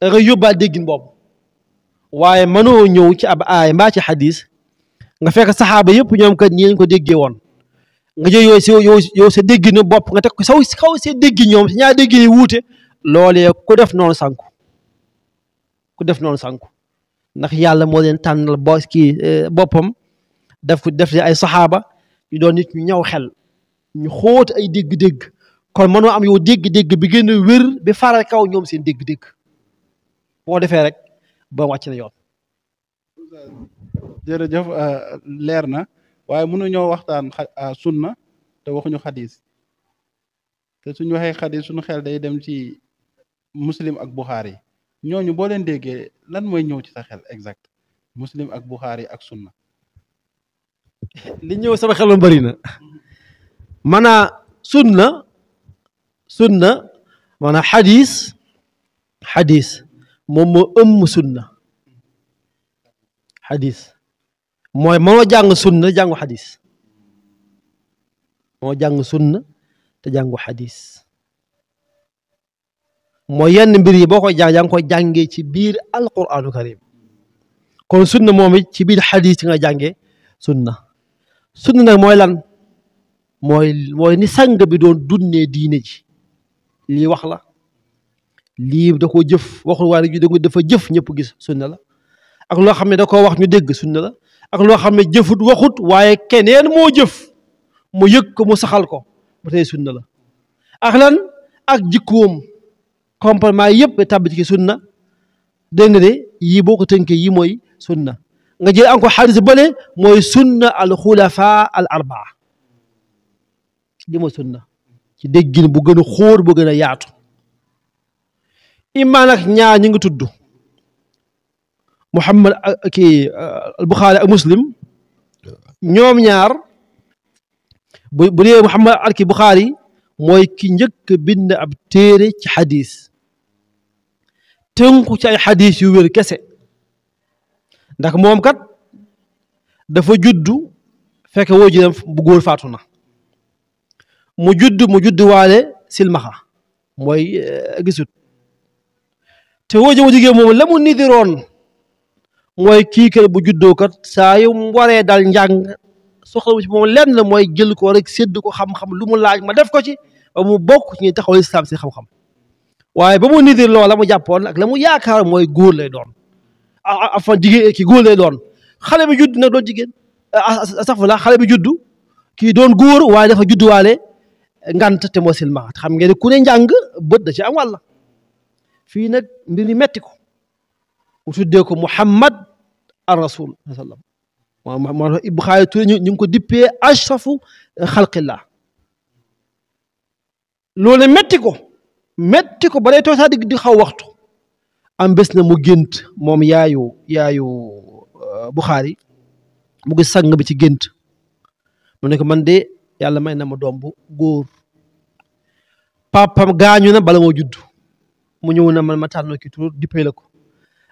da ngay yóbbaal déggin waaye mënoo ñëw ci ab ay mbaa ci xadis nga fekk saxaaba yëpp ñoom kat ñii lañ ko déggee woon nga jël yooyu si yow sa dégginu bopp nga teg ko saw kaw see déggi ñoom si ñaar déggini wuute loolee ku def noonu sànku ku def noonu sànku ndax yàlla moo leen tànnal bo kii eh, boppam def ku def ay saxaaba yu do nit ñu ñaw xel ñu xóot ay dégg-dégg kon mënoo am yow dégg-dégg bi gën wér bi faral kaw ñoom seen dégg-dégg boo defee rek ba wàcc na yoon. jërëjëf leer na waaye ñoo waxtaan sunna te waxuñu xadis te suñu waxee xadis suñu xel day dem ci muslim ak buxaari ñooñu boo leen déggee lan mooy ñëw ci sa xel exact muslim ak buxaari ak sunna. li ñëw sama xel bari na maanaam sunna sunna maanaam xadis xadis moom moo ëmm sunna xadis mooy moo jàng sunna jàngu xadis moo jàng sunna te jàngu xadis mooy yenn mbir yi boo koy jàng yaa ngi koy jàngee ci biir alquranu karim kon sunna moom it ci biir xadis yi nga jàngee sunna sunna moy lan moy moy ni sang bi doon dunne diine ji li wax la li da ko jëf waxul waa ji dafa jëf ñëpp gis sunna la ak lo xamne da ko wax ñu dégg sunna la ak lo xamne jëfut waxut waye keneen mo jëf mu yëg ko mu saxal ko ba tay sunna la ak lan ak jikkoom compromis yëpp tabbi ci sunna dégg de yi boko tënke yi moy sunna nga jël encore hadith balé moy sunna al khulafa al arbaa di mo sunna ci deggine bu gëna xóor bu gëna yaatu imma nak ñaar ñi ngi tuddu muhammad kii albuxaari ak muslim ñoom ñaar bu bu dee muhammad ak ki buxaari mooy ki njëkk bind ab téere ci xadis tënku ci ay xadis yu wér kese ndax mom kat dafa juddu fekk waajuram bu góor fatuna mu judd mu judd walé silmaha moy gisut te waajuram bu jigéen mom lamu nidiron moy ki ke bu juddo kat sa yu waré dal njàng soxla ci moom lenn moy jël ko rek sédd ko xam-xam lu mu laaj ma def ko ci mu bok ci taxaw islam ci xam-xam waye ba mu nidir loola mu jàppoon ak lamu yaakar moy mooy góor lay doon afan jigéen ki góor lay doon xale bi judd nag doon jigéen astafurlah xale bi judd kii doon góor waaye dafa judduwaale ngant te moo silma xam ngeen ne ku ne njàng bët da ci am wàlla fii nag mbir mi metti ko mu tuddee ko Muhammad ar rasul sallam moo Ibou Xaali Touré ñu ngi ko dippee ashrafu xalqillah loolu metti ko metti ko ba day toog sax di xaw waxtu am bés na mu gént moom yaayu yaayu euh, Buxaari mu gis sang bi ci gént mu ne ko man de yàlla may na ma doom bu góor papam gaañu na bala moo judd mu ñëw na man ma tànnoo ki tur dippee la ko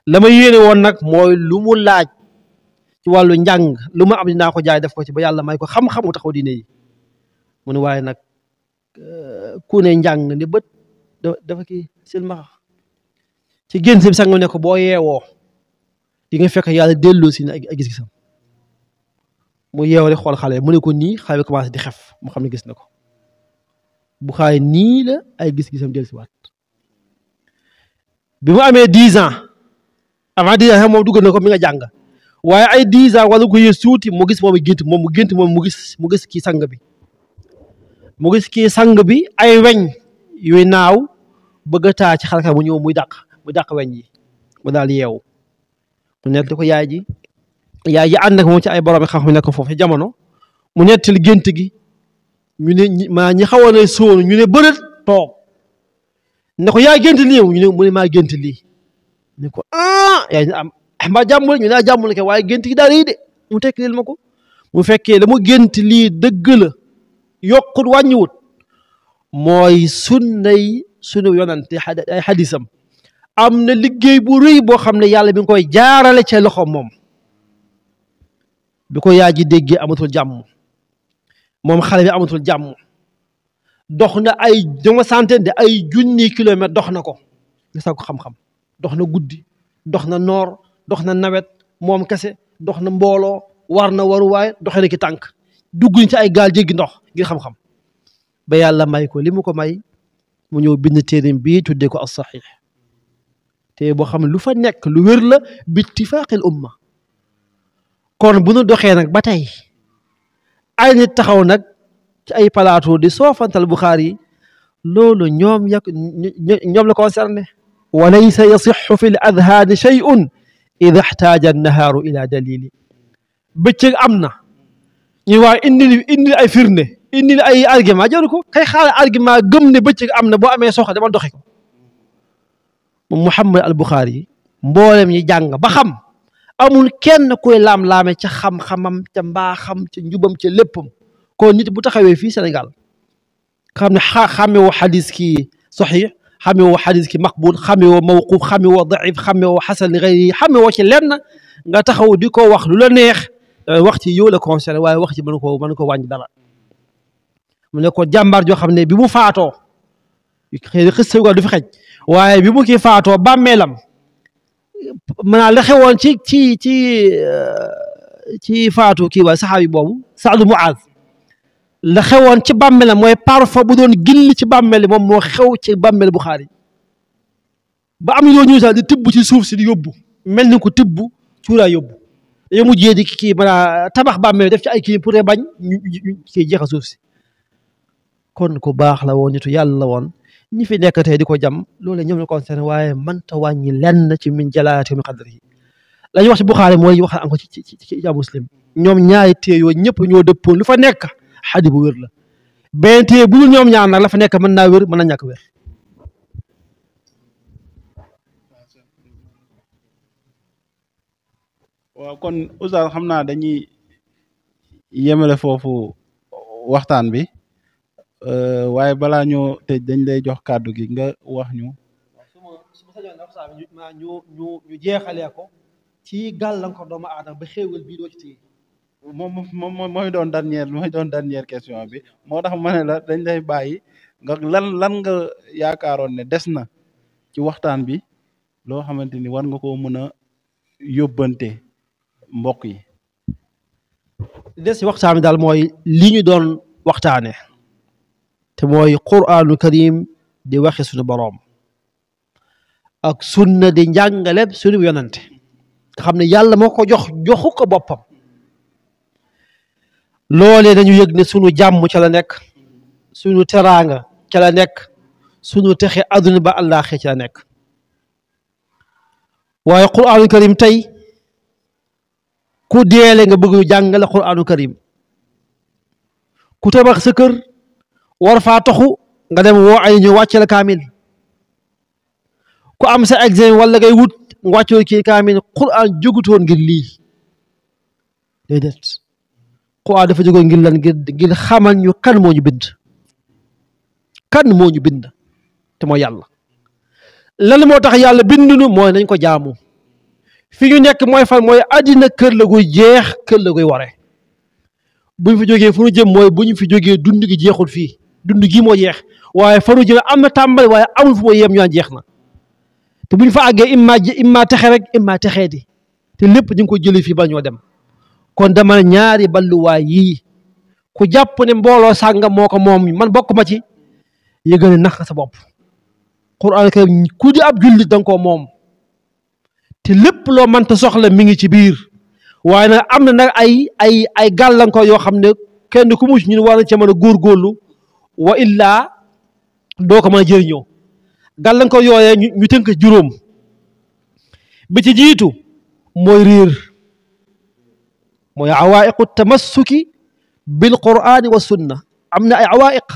la ma yéene woon nag mooy lu mu laaj ci wàllu njàng lu ma am dinaa ko jaay def ko ci ba yàlla may ko xam-xamu taxaw diine yi mu ne waaye nag euh, ku ne njàng ci gént bi sangam ne ko boo yeewoo di nga fekk yàlla delloo si ne ay gis-gisam mu yeew rek xool xale mu ne ko nii xale bi commencé di xef mu xam ne gis na ko bu xaay nii la ay gis-gisam dellu si waat bi mu amee dix ans avant dix ans moom duggal ko mi nga jàng waaye ay dix ans wala ko yées tuuti mu gis moom gént moom mu gént moom mu gis mu gis kii sang bi mu gis kii sang bi ay weñ yuy naaw bëgg a taa ci xalka mu ñëw muy dàq mu dàq weñ yi mu daal yeewu mu nettali ko yaay ji yaay ji ànd ak ci ay borom xam-xam ne ko foofu jamono mu nettali gént gi ñu ne maa ñi xawoon a sóor ñu ne bërët toog ne ko yaa gént lii ñu ne mu ne maa gént lii ne ko ah yaay ah, ñu am ah, mbaa jàmbul ke waaye gént gi daal de mu tekk lil ma ko mu fekkee la mu gént lii dëgg la yokkut wàññiwut mooy sunnay sunu yonante ay xadisam am na liggéey bu rëy boo xam ne yàlla bi nga koy jaarale ca loxo moom bi ko yaa ji déggee amatul jàmm moom xale bi amatul jàmm dox na ay dama centaine de ay junni kilomètre dox na ko nga sa ko xam-xam dox na guddi dox na noor dox na nawet moom kese dox na mbooloo war na waruwaay doxe na ki tànk dugg ci ay gaal jéggi ndox ngir xam-xam ba yàlla may ko li mu ko may mu ñëw bind téerim bii tuddee ko as saxiix té bo xam lu fa nek lu wér la bi bittifaaqil umma kon bu nu doxé nak batay ay nit taxaw nak ci ay plateau di sofantal bukhari lolu ñom yak ñom la concerné wa laysa yasixu fi l adhaani idha ihtaja xtaaja nahar ila dalil becc amna ñi wa indi indi ay firne indi ay argument jaru ko kay xala argument gëm ne becc amna bo amé soxal dama doxé ko moom Muhammad al Buxaari yi mboolem ñi jàng ba xam amul kenn kuy laam-laame ca xam-xamam ca mbaaxam ca njubam ci léppam ko nit bu taxawee fii senegal xam ne xamewoo xadis kii saxiix xamewoo xadis ki maqbul xamewoo mawquuf xamewoo daif xamewoo xasan li gayri xamewoo ci lenn nga taxaw di ko wax lu la neex eh, wax ci yow la concerné waaye wax ci mën ko mën ko mu ne ko jàmbaar joo xam ne bi mu faatoo xëy na xës du fi xej waaye bi mu kii faatoo bàmmeelam maanaam la xewoon ci ci ci euh, ci faatu ki waay saxaabi boobu Saadu Muaaz la woon ci bàmmeelam mooy parfum bu doon gilli ci bàmmeel moom moo xew ci bàmmeel Buxaari ba am yoo ñëw sax di tibb ci suuf si di yóbbu mel ni ko tibb cuuraa yóbbu dañoo mujjee di kii maanaam tabax bàmmeel def ci ay kii pour bañ ñu ñu suuf si kon ku baax la woon nitu yàlla la woon. ñi fi nekk tey di ko jam loolu ñoom la concerné waaye manta mënta wàññi lenn ci min jalaati min qadrihi la ñu wax ci Buxaari mooy wax encore ci ci ci Muslim ñoom ñaari téye yooyu ñëpp ñoo dëppoon lu fa nekk xadis bu wér la benn téye bu dul ñoom ñaar la fa nekk mën naa wér mën a ñàkk wér. waaw kon Oustaz xam naa dañuy yemale foofu waxtaan bi. Euh, waaye balaa ñoo tëj dañ lay jox kàddu gi nga wax ñu. ñu ñu ñu jeexalee ko ci gàllankoor doomu aadama ba xéewal bii doo ci téye. mooy doon dernière mooy doon dernière question bi moo tax ma ne la dañ lay bàyyi nga lan lan nga yaakaaroon ne des na ci waxtaan bi loo xamante ni war nga koo mën a yóbbante mbokk yi. des si waxtaan bi daal mooy li ñu doon waxtaanee. تموي قرآن الكريم دي واخي سنو برام اك سنة دي نجانغلب سنو يونانت خامنا يالا موكو جوخ جوخو كبابا لولي دانيو يغني سنو جام مو سنو ترانغ چلا نك سنو تخي أدن با الله خي چلا نك واي قرآن الكريم تاي كو ديالي نغبغو جانغل قرآن الكريم كو تبخ سكر war faa toxu nga dem woo ay ñu wàcce la kaamil ku am sa examen wala ngay wut nga wàccoo kii kaamil Qur'an jógutoon ngir lii déedéet Qur'an dafa jógoon ngir lan ngir ngir xamal ñu kan moo ñu bind kan moo ñu bind te mooy yàlla lan moo tax yàlla bindunu mooy nañ ko jaamu fi ñu nekk mooy fan mooy àddina kër la guy jeex kër la guy ware bu ñu fi jógee fu ñu jëm mooy bu ñu fi jógee dund gi jeexul fii dund gi mo jeex waye faru jeul amna tambal waye amul fu ma yem ñaan jeex na te buñ fa agge imma imma taxé rek imma taxé di te lepp ñu ko jëli fi ba ñoo dem kon dama ñaari way yi ku japp ne mbolo sanga moko mom man bokuma ci yëgal nax sa bop quran karim ku di ab julli dang ko mom te lepp lo man ta soxla mi ngi ci bir waye na amna na ay ay ay gàllankoor yoo xam kenn ku mucc ñu wala ci mëna gor gorlu wa illaa doo ko mën a jëriñoo gàllankoor yooyee ñu tënk juróom bi ci jiitu mooy réer mooy awaayiqu tamassuki bil qur'aani wa sunna am na ay awaayiq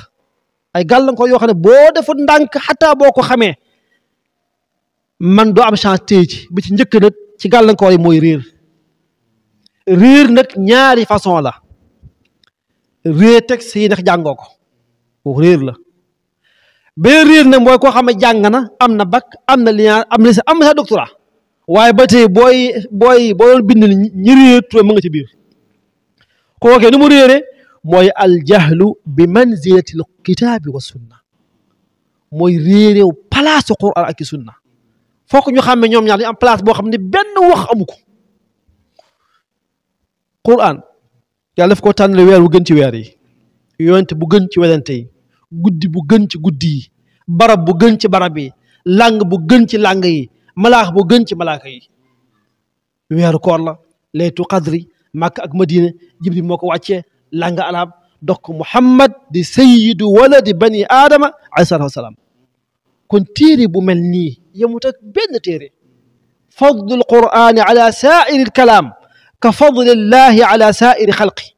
ay gàllankoor yoo xam ne boo defut ndànk xataa boo ko xamee man doo am chance téye ci bi ci njëkk nag ci gàllankoor yi mooy réer réer nag ñaari façon la réer texte yi ndax jàngoo ko kooku réer la beneen réer na mooy ko xam ne jàng na am na bac am na lien am na am na waaye ba tey booy booy boo doon bind ñi réer turam mu nga ci biir kookee nu mu réere mooy aljahlu bi manzilatil kitaabi wa sunna mooy réeréew place quran ak sunna fokk ñu xam ne ñoom ñaar dañu am place boo xam ne benn wax amu ko quran yàlla daf ko tànnale weer wu gën ci weer yi yonent bu gën ci werante yi guddi bu gën ci guddi yi barab bu gën barab yi làng bu gën ci làng yi malaax bu gën ci malaaka yi weeru koor la laytu qadri màkk ak madina jibril moo ko wàccee làng arab muhammad di sayyidu waladi bani aadama alayhi salaatu wasalaam kon téere bu mel nii yemut ak benn téere fadlul qur'aani ala saairi alkalaam ka fadlillahi ala saairi xalqi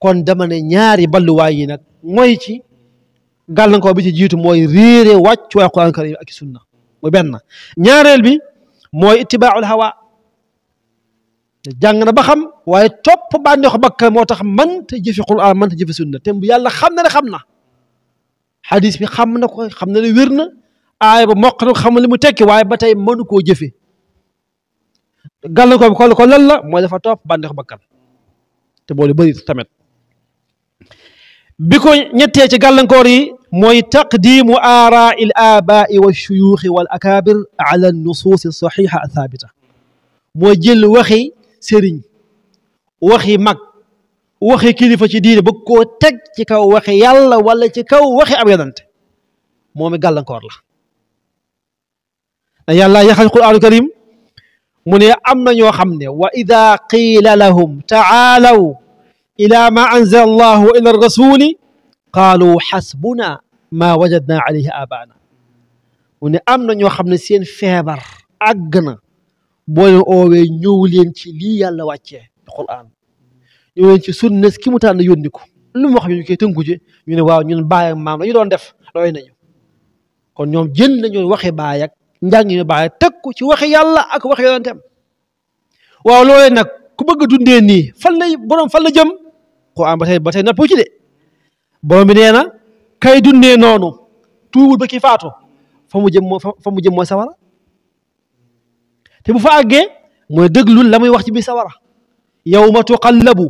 kon dama ñaari balluwaay yi nag mooy gàllankoor bi ci jiitu mooy réere wàccu alquran karim ak sunna mu benn ñaareel bi mooy itibaaul hawa jàng na ba xam waaye topp bànneexu bakkan moo tax mënta jëfe quran mënta jëfe sunna te bu yàlla xam na ne xam na xadis bi xam na ko xam na ne wér na aaya ba mokk na ko xamul li mu tekki waaye ba tey mënu koo jëfe gàllankoor bi ko lan la mooy dafa topp bànneexu bakkan te boole bëri tamit bi ko ñettee ci gàllankoor yi موي تقديم آراء الآباء والشيوخ والأكابر على النصوص الصحيحة الثابتة موي جل وخي سرين وخي مك وخي كليفة جديدة بكو تك تكاو وخي يلا ولا تكاو وخي أبيضانت مومي قال لنكور لا يلا يخلق القرآن الكريم من أمن يوخمن وإذا قيل لهم تعالوا إلى ما أنزل الله إلى الرسول قالوا حسبنا ما وجدنا عليه آبانا وني أمنا نيو خمنا سين فيبر أغنى بوين أوي نيو لين تي لي يالا واتيه القرآن نيو لين تي سون نس كي متان يونيكو لو مخ نيو كي تنكوجي ني نوا نيون باي مام نيو دون ديف روي نيو كون نيوم جين نيو واخي باي اك نجان نيو باي تكو تي واخي يالا اك واخي يونتم واو لوي نك كو بغا دوندي ني فال لي بروم فال لا جيم قران باتاي باتاي نوبو تي دي borom bi nee na kay dundee noonu tuubul ba ki faatu fa mu jëm moo fa mu jëm mooy sawara te bu fa àggee mooy déglul la muy wax ci biir sawara yawma tuqallabu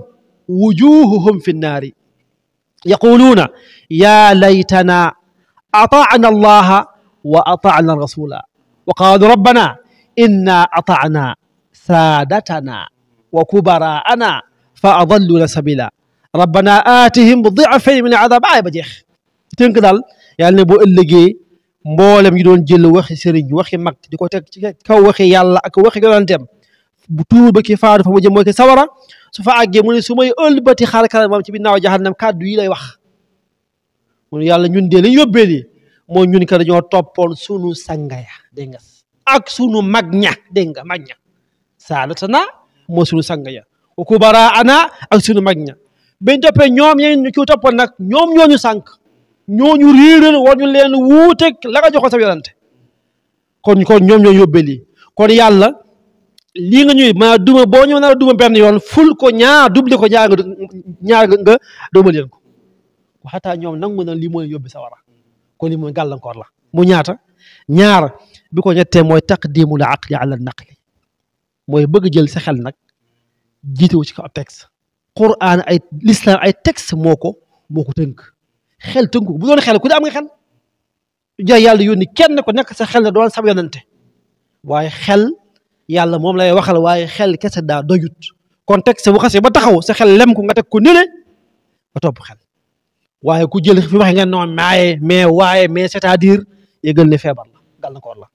wujuhuhum fi nnaari yaquluuna yaa laytana atana allaha wa atana rasula wa qaalu rabbana inna atana saadatana wa kubaraana fa adalluna sabila ربنا آتهم ضعفين من عذاب آي آه بجيخ تنك دال يعني بو اللي مولم يدون جيل وخي سيرين وخي مك ديكو تك كو وخي يالا اك وخي غلانتم بتو بكي فار فمو جي موكي سوارا سوف اجي موني سومي اول باتي خارك مام تي بناو جهنم كاد وي لاي وخ مون يالا نيون دي لي يوبي لي نيون كار نيو توبون سونو سانغايا دينغاس اك سونو ماغنيا دينغا ماغنيا سالتنا مو سونو سانغايا انا اك سونو ماغنيا biñ toppee ñoom ñeen ñu ciy toppoon nag ñoom ñooñu sànq ñooñu réeral wañu leen wuuteeg la nga joxoon sa yonante kon kon ñoom ñoo yóbbee lii kon yàlla lii nga ñuy maa duma boo ñëw nar a duma benn yoon ful ko ñaar double ko ñaar nga ñaar leen ko waxataa ñoom nangu na lii mooy yóbbi sa wara kon lii mooy gàllankoor la mu ñaata ñaar bi ko ñettee mooy taqdimul aqli ala naqli mooy bëgg jël sa xel nag jiitewu ci ko ab texte قران اي الاسلام اي تكس موكو موكو تنك خيل تنك بدون خيل كودا امي خيل جا يالا يوني كين كو نيك سا خيل دا دون ساب يوننتي واي خيل يالا موم لاي واخال واي خيل كاسا دا دويوت كون تكس بو خاسي با تاخو سا خيل لم كو نغا تك كو نيلي با توب خيل واي كو جيل في واخ نغا نو ماي مي واي مي سيتا دير يغل ني فيبر لا غال نكور لا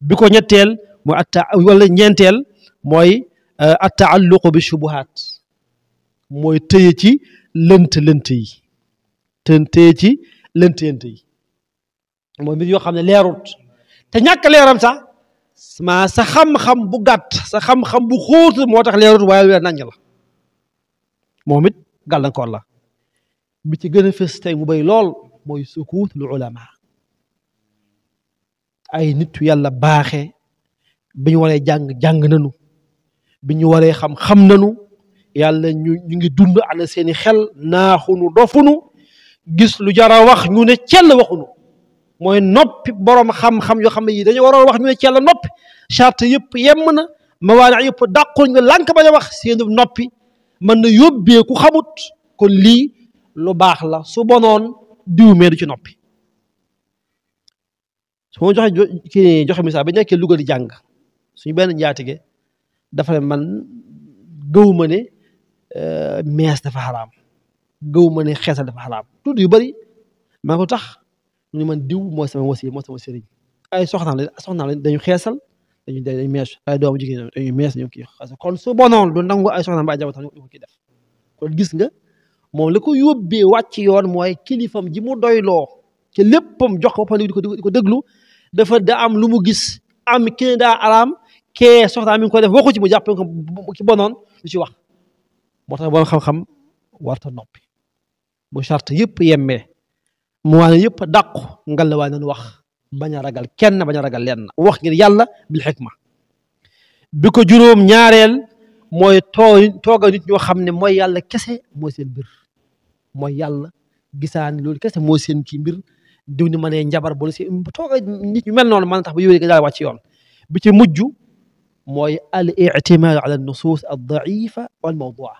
بيكو نيتيل مو اتا ولا نينتيل موي التعلق بالشبهات moy tëye ci leunt leunt yi tën tëye ci leunt leunt yi moy mbir yo xamne leerut te ñak leeram sa ma sa xam-xam bu gàtt sa xam-xam bu xóot motax leerut waaye wer nañ la moom it gàllankoor la bi ci gëna fess tay mu bay lol moy sukut lu ulama ay nit yu yàlla baxé biñu ñu jàng jàng nanu biñu ñu xam xam nanu yàlla ñu ñu ngi dund ana seeni xel naaxunu dofunu gis lu jara wax ñu ne cell waxunu mooy noppi borom xam-xam yoo xam ne yii dañu waroon wax ñu ne cell noppi charte yëpp yemm na mawaana yëpp dàqul nga lank bañ a wax seeni noppi mën na yóbbee ku xamut kon lii lu baax la su bonoon diw mee du ci noppi su ma joxe ki joxe misaal ba nekkee Louga di jàng suñu benn njaatige dafa ne man gëwuma ne Euh, mees dafa xaraam gëw ma ne xeesal dafa xaraam tudd yu bëri maa ko tax mu ne man diw mooy sama wasi mooy sama sëriñ ay soxna la soxna la dañu xeesal dañu dañu mees ay doomu jigéen dañu mees dañu kii kon su bonoon du nangu ay soxna ba jabar tax ñu ko kii def gis nga moom la ko yóbbee wàcc yoon mooy kilifam ji mu doyloo ci léppam jox ko boppam di ko déglu dafa da am lu mu gis am keneen daa araam kee soxna mi ngi koy def waxu ci mu jàpp ko ci bonoon lu ci wax moo tax borom xam-xam warta noppi bu charte yëpp yemmee mu waane yëpp dàqu ngal la waay nañu wax bañ a ragal kenn bañ a ragal lenn wax ngir yàlla bil xikma bi ko juróom ñaareel mooy too tooga nit ñoo xam ne mooy yàlla kese mooy seen mbir mooy yàlla gisaan loolu kese mooy seen kii mbir diw ni ma nee njabar bu si tooga nit ñu mel noonu mën tax ba yóbee daal wàcc yoon bi ci mujj mooy al ictimaadu ala nusuus al daifa wal mawdua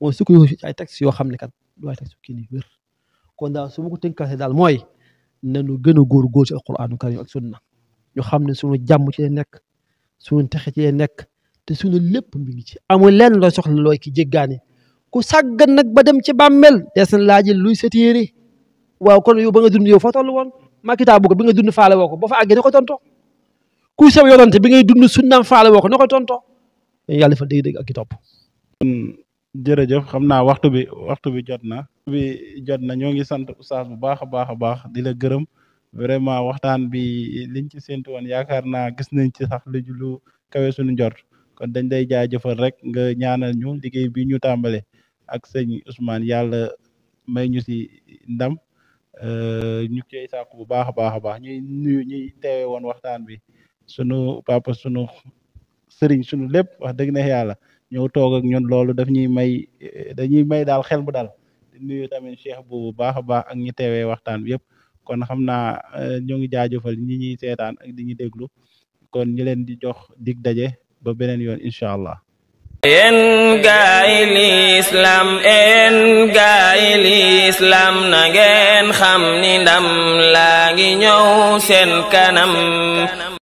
mooy sukkandiku ci ay textes yoo xam ne kat du ay textes kii nii wér kon daal su ma ko tënkaatee daal mooy nañu gën a góor-góor ci alquraanu karim ak sunna ñu xam ne sunu jàmm ci lay nekk sunu texe ci lay nekk te sunu lépp mi ngi ci amul lenn looy soxla looy ki jéggaani ku sàggan nag ba dem ci bàmmeel des na laaj luy sa téere waaw kon yow ba nga dund yow fa toll woon maa kitaabu ko bi nga dund faale woo ko ba fa àggee na ko tontoo ku sew yonante bi ngay dund sunnaam faale woo ko na ko tontoo yàlla fa dëgg-dëgg ak ki topp jërëjëf xam naa waxtu bi waxtu bi jot na jot na ñoo ngi sant u oustaz bu baax a baax a baax di la gërëm vraiment waxtaan bi liñ ci séntu woon yaakaar naa gis nañ ci sax lu kawe suñu njort kon dañ day jaajëfal rek nga ñaanal ñu liggéey bi ñu tàmbale ak sëñ Ousmane yàlla may ñu si ndam euh, ñu koy sàkku bu baax a baax a baax ñuy nuyu ñuy teewe woon waxtaan bi sunu papa sunu sëriñ sunu lépp wax dëgg neex yàlla ñow toog ak ñun loolu daf ñuy may dañuy may daal xel bu daal di nuyu tamit cheikh bu baax a baax ak ñi teewee waxtaan bi yëpp kon xam naa euh, ñoo ngi jaajëfal ñi ñuy seetaan ak di ñu déglu kon ñu leen di jox dig daje ba beneen yoon incha allah. en gaay lislaam en gaay lislaam na xam ni ndam laa ngi seen kanam.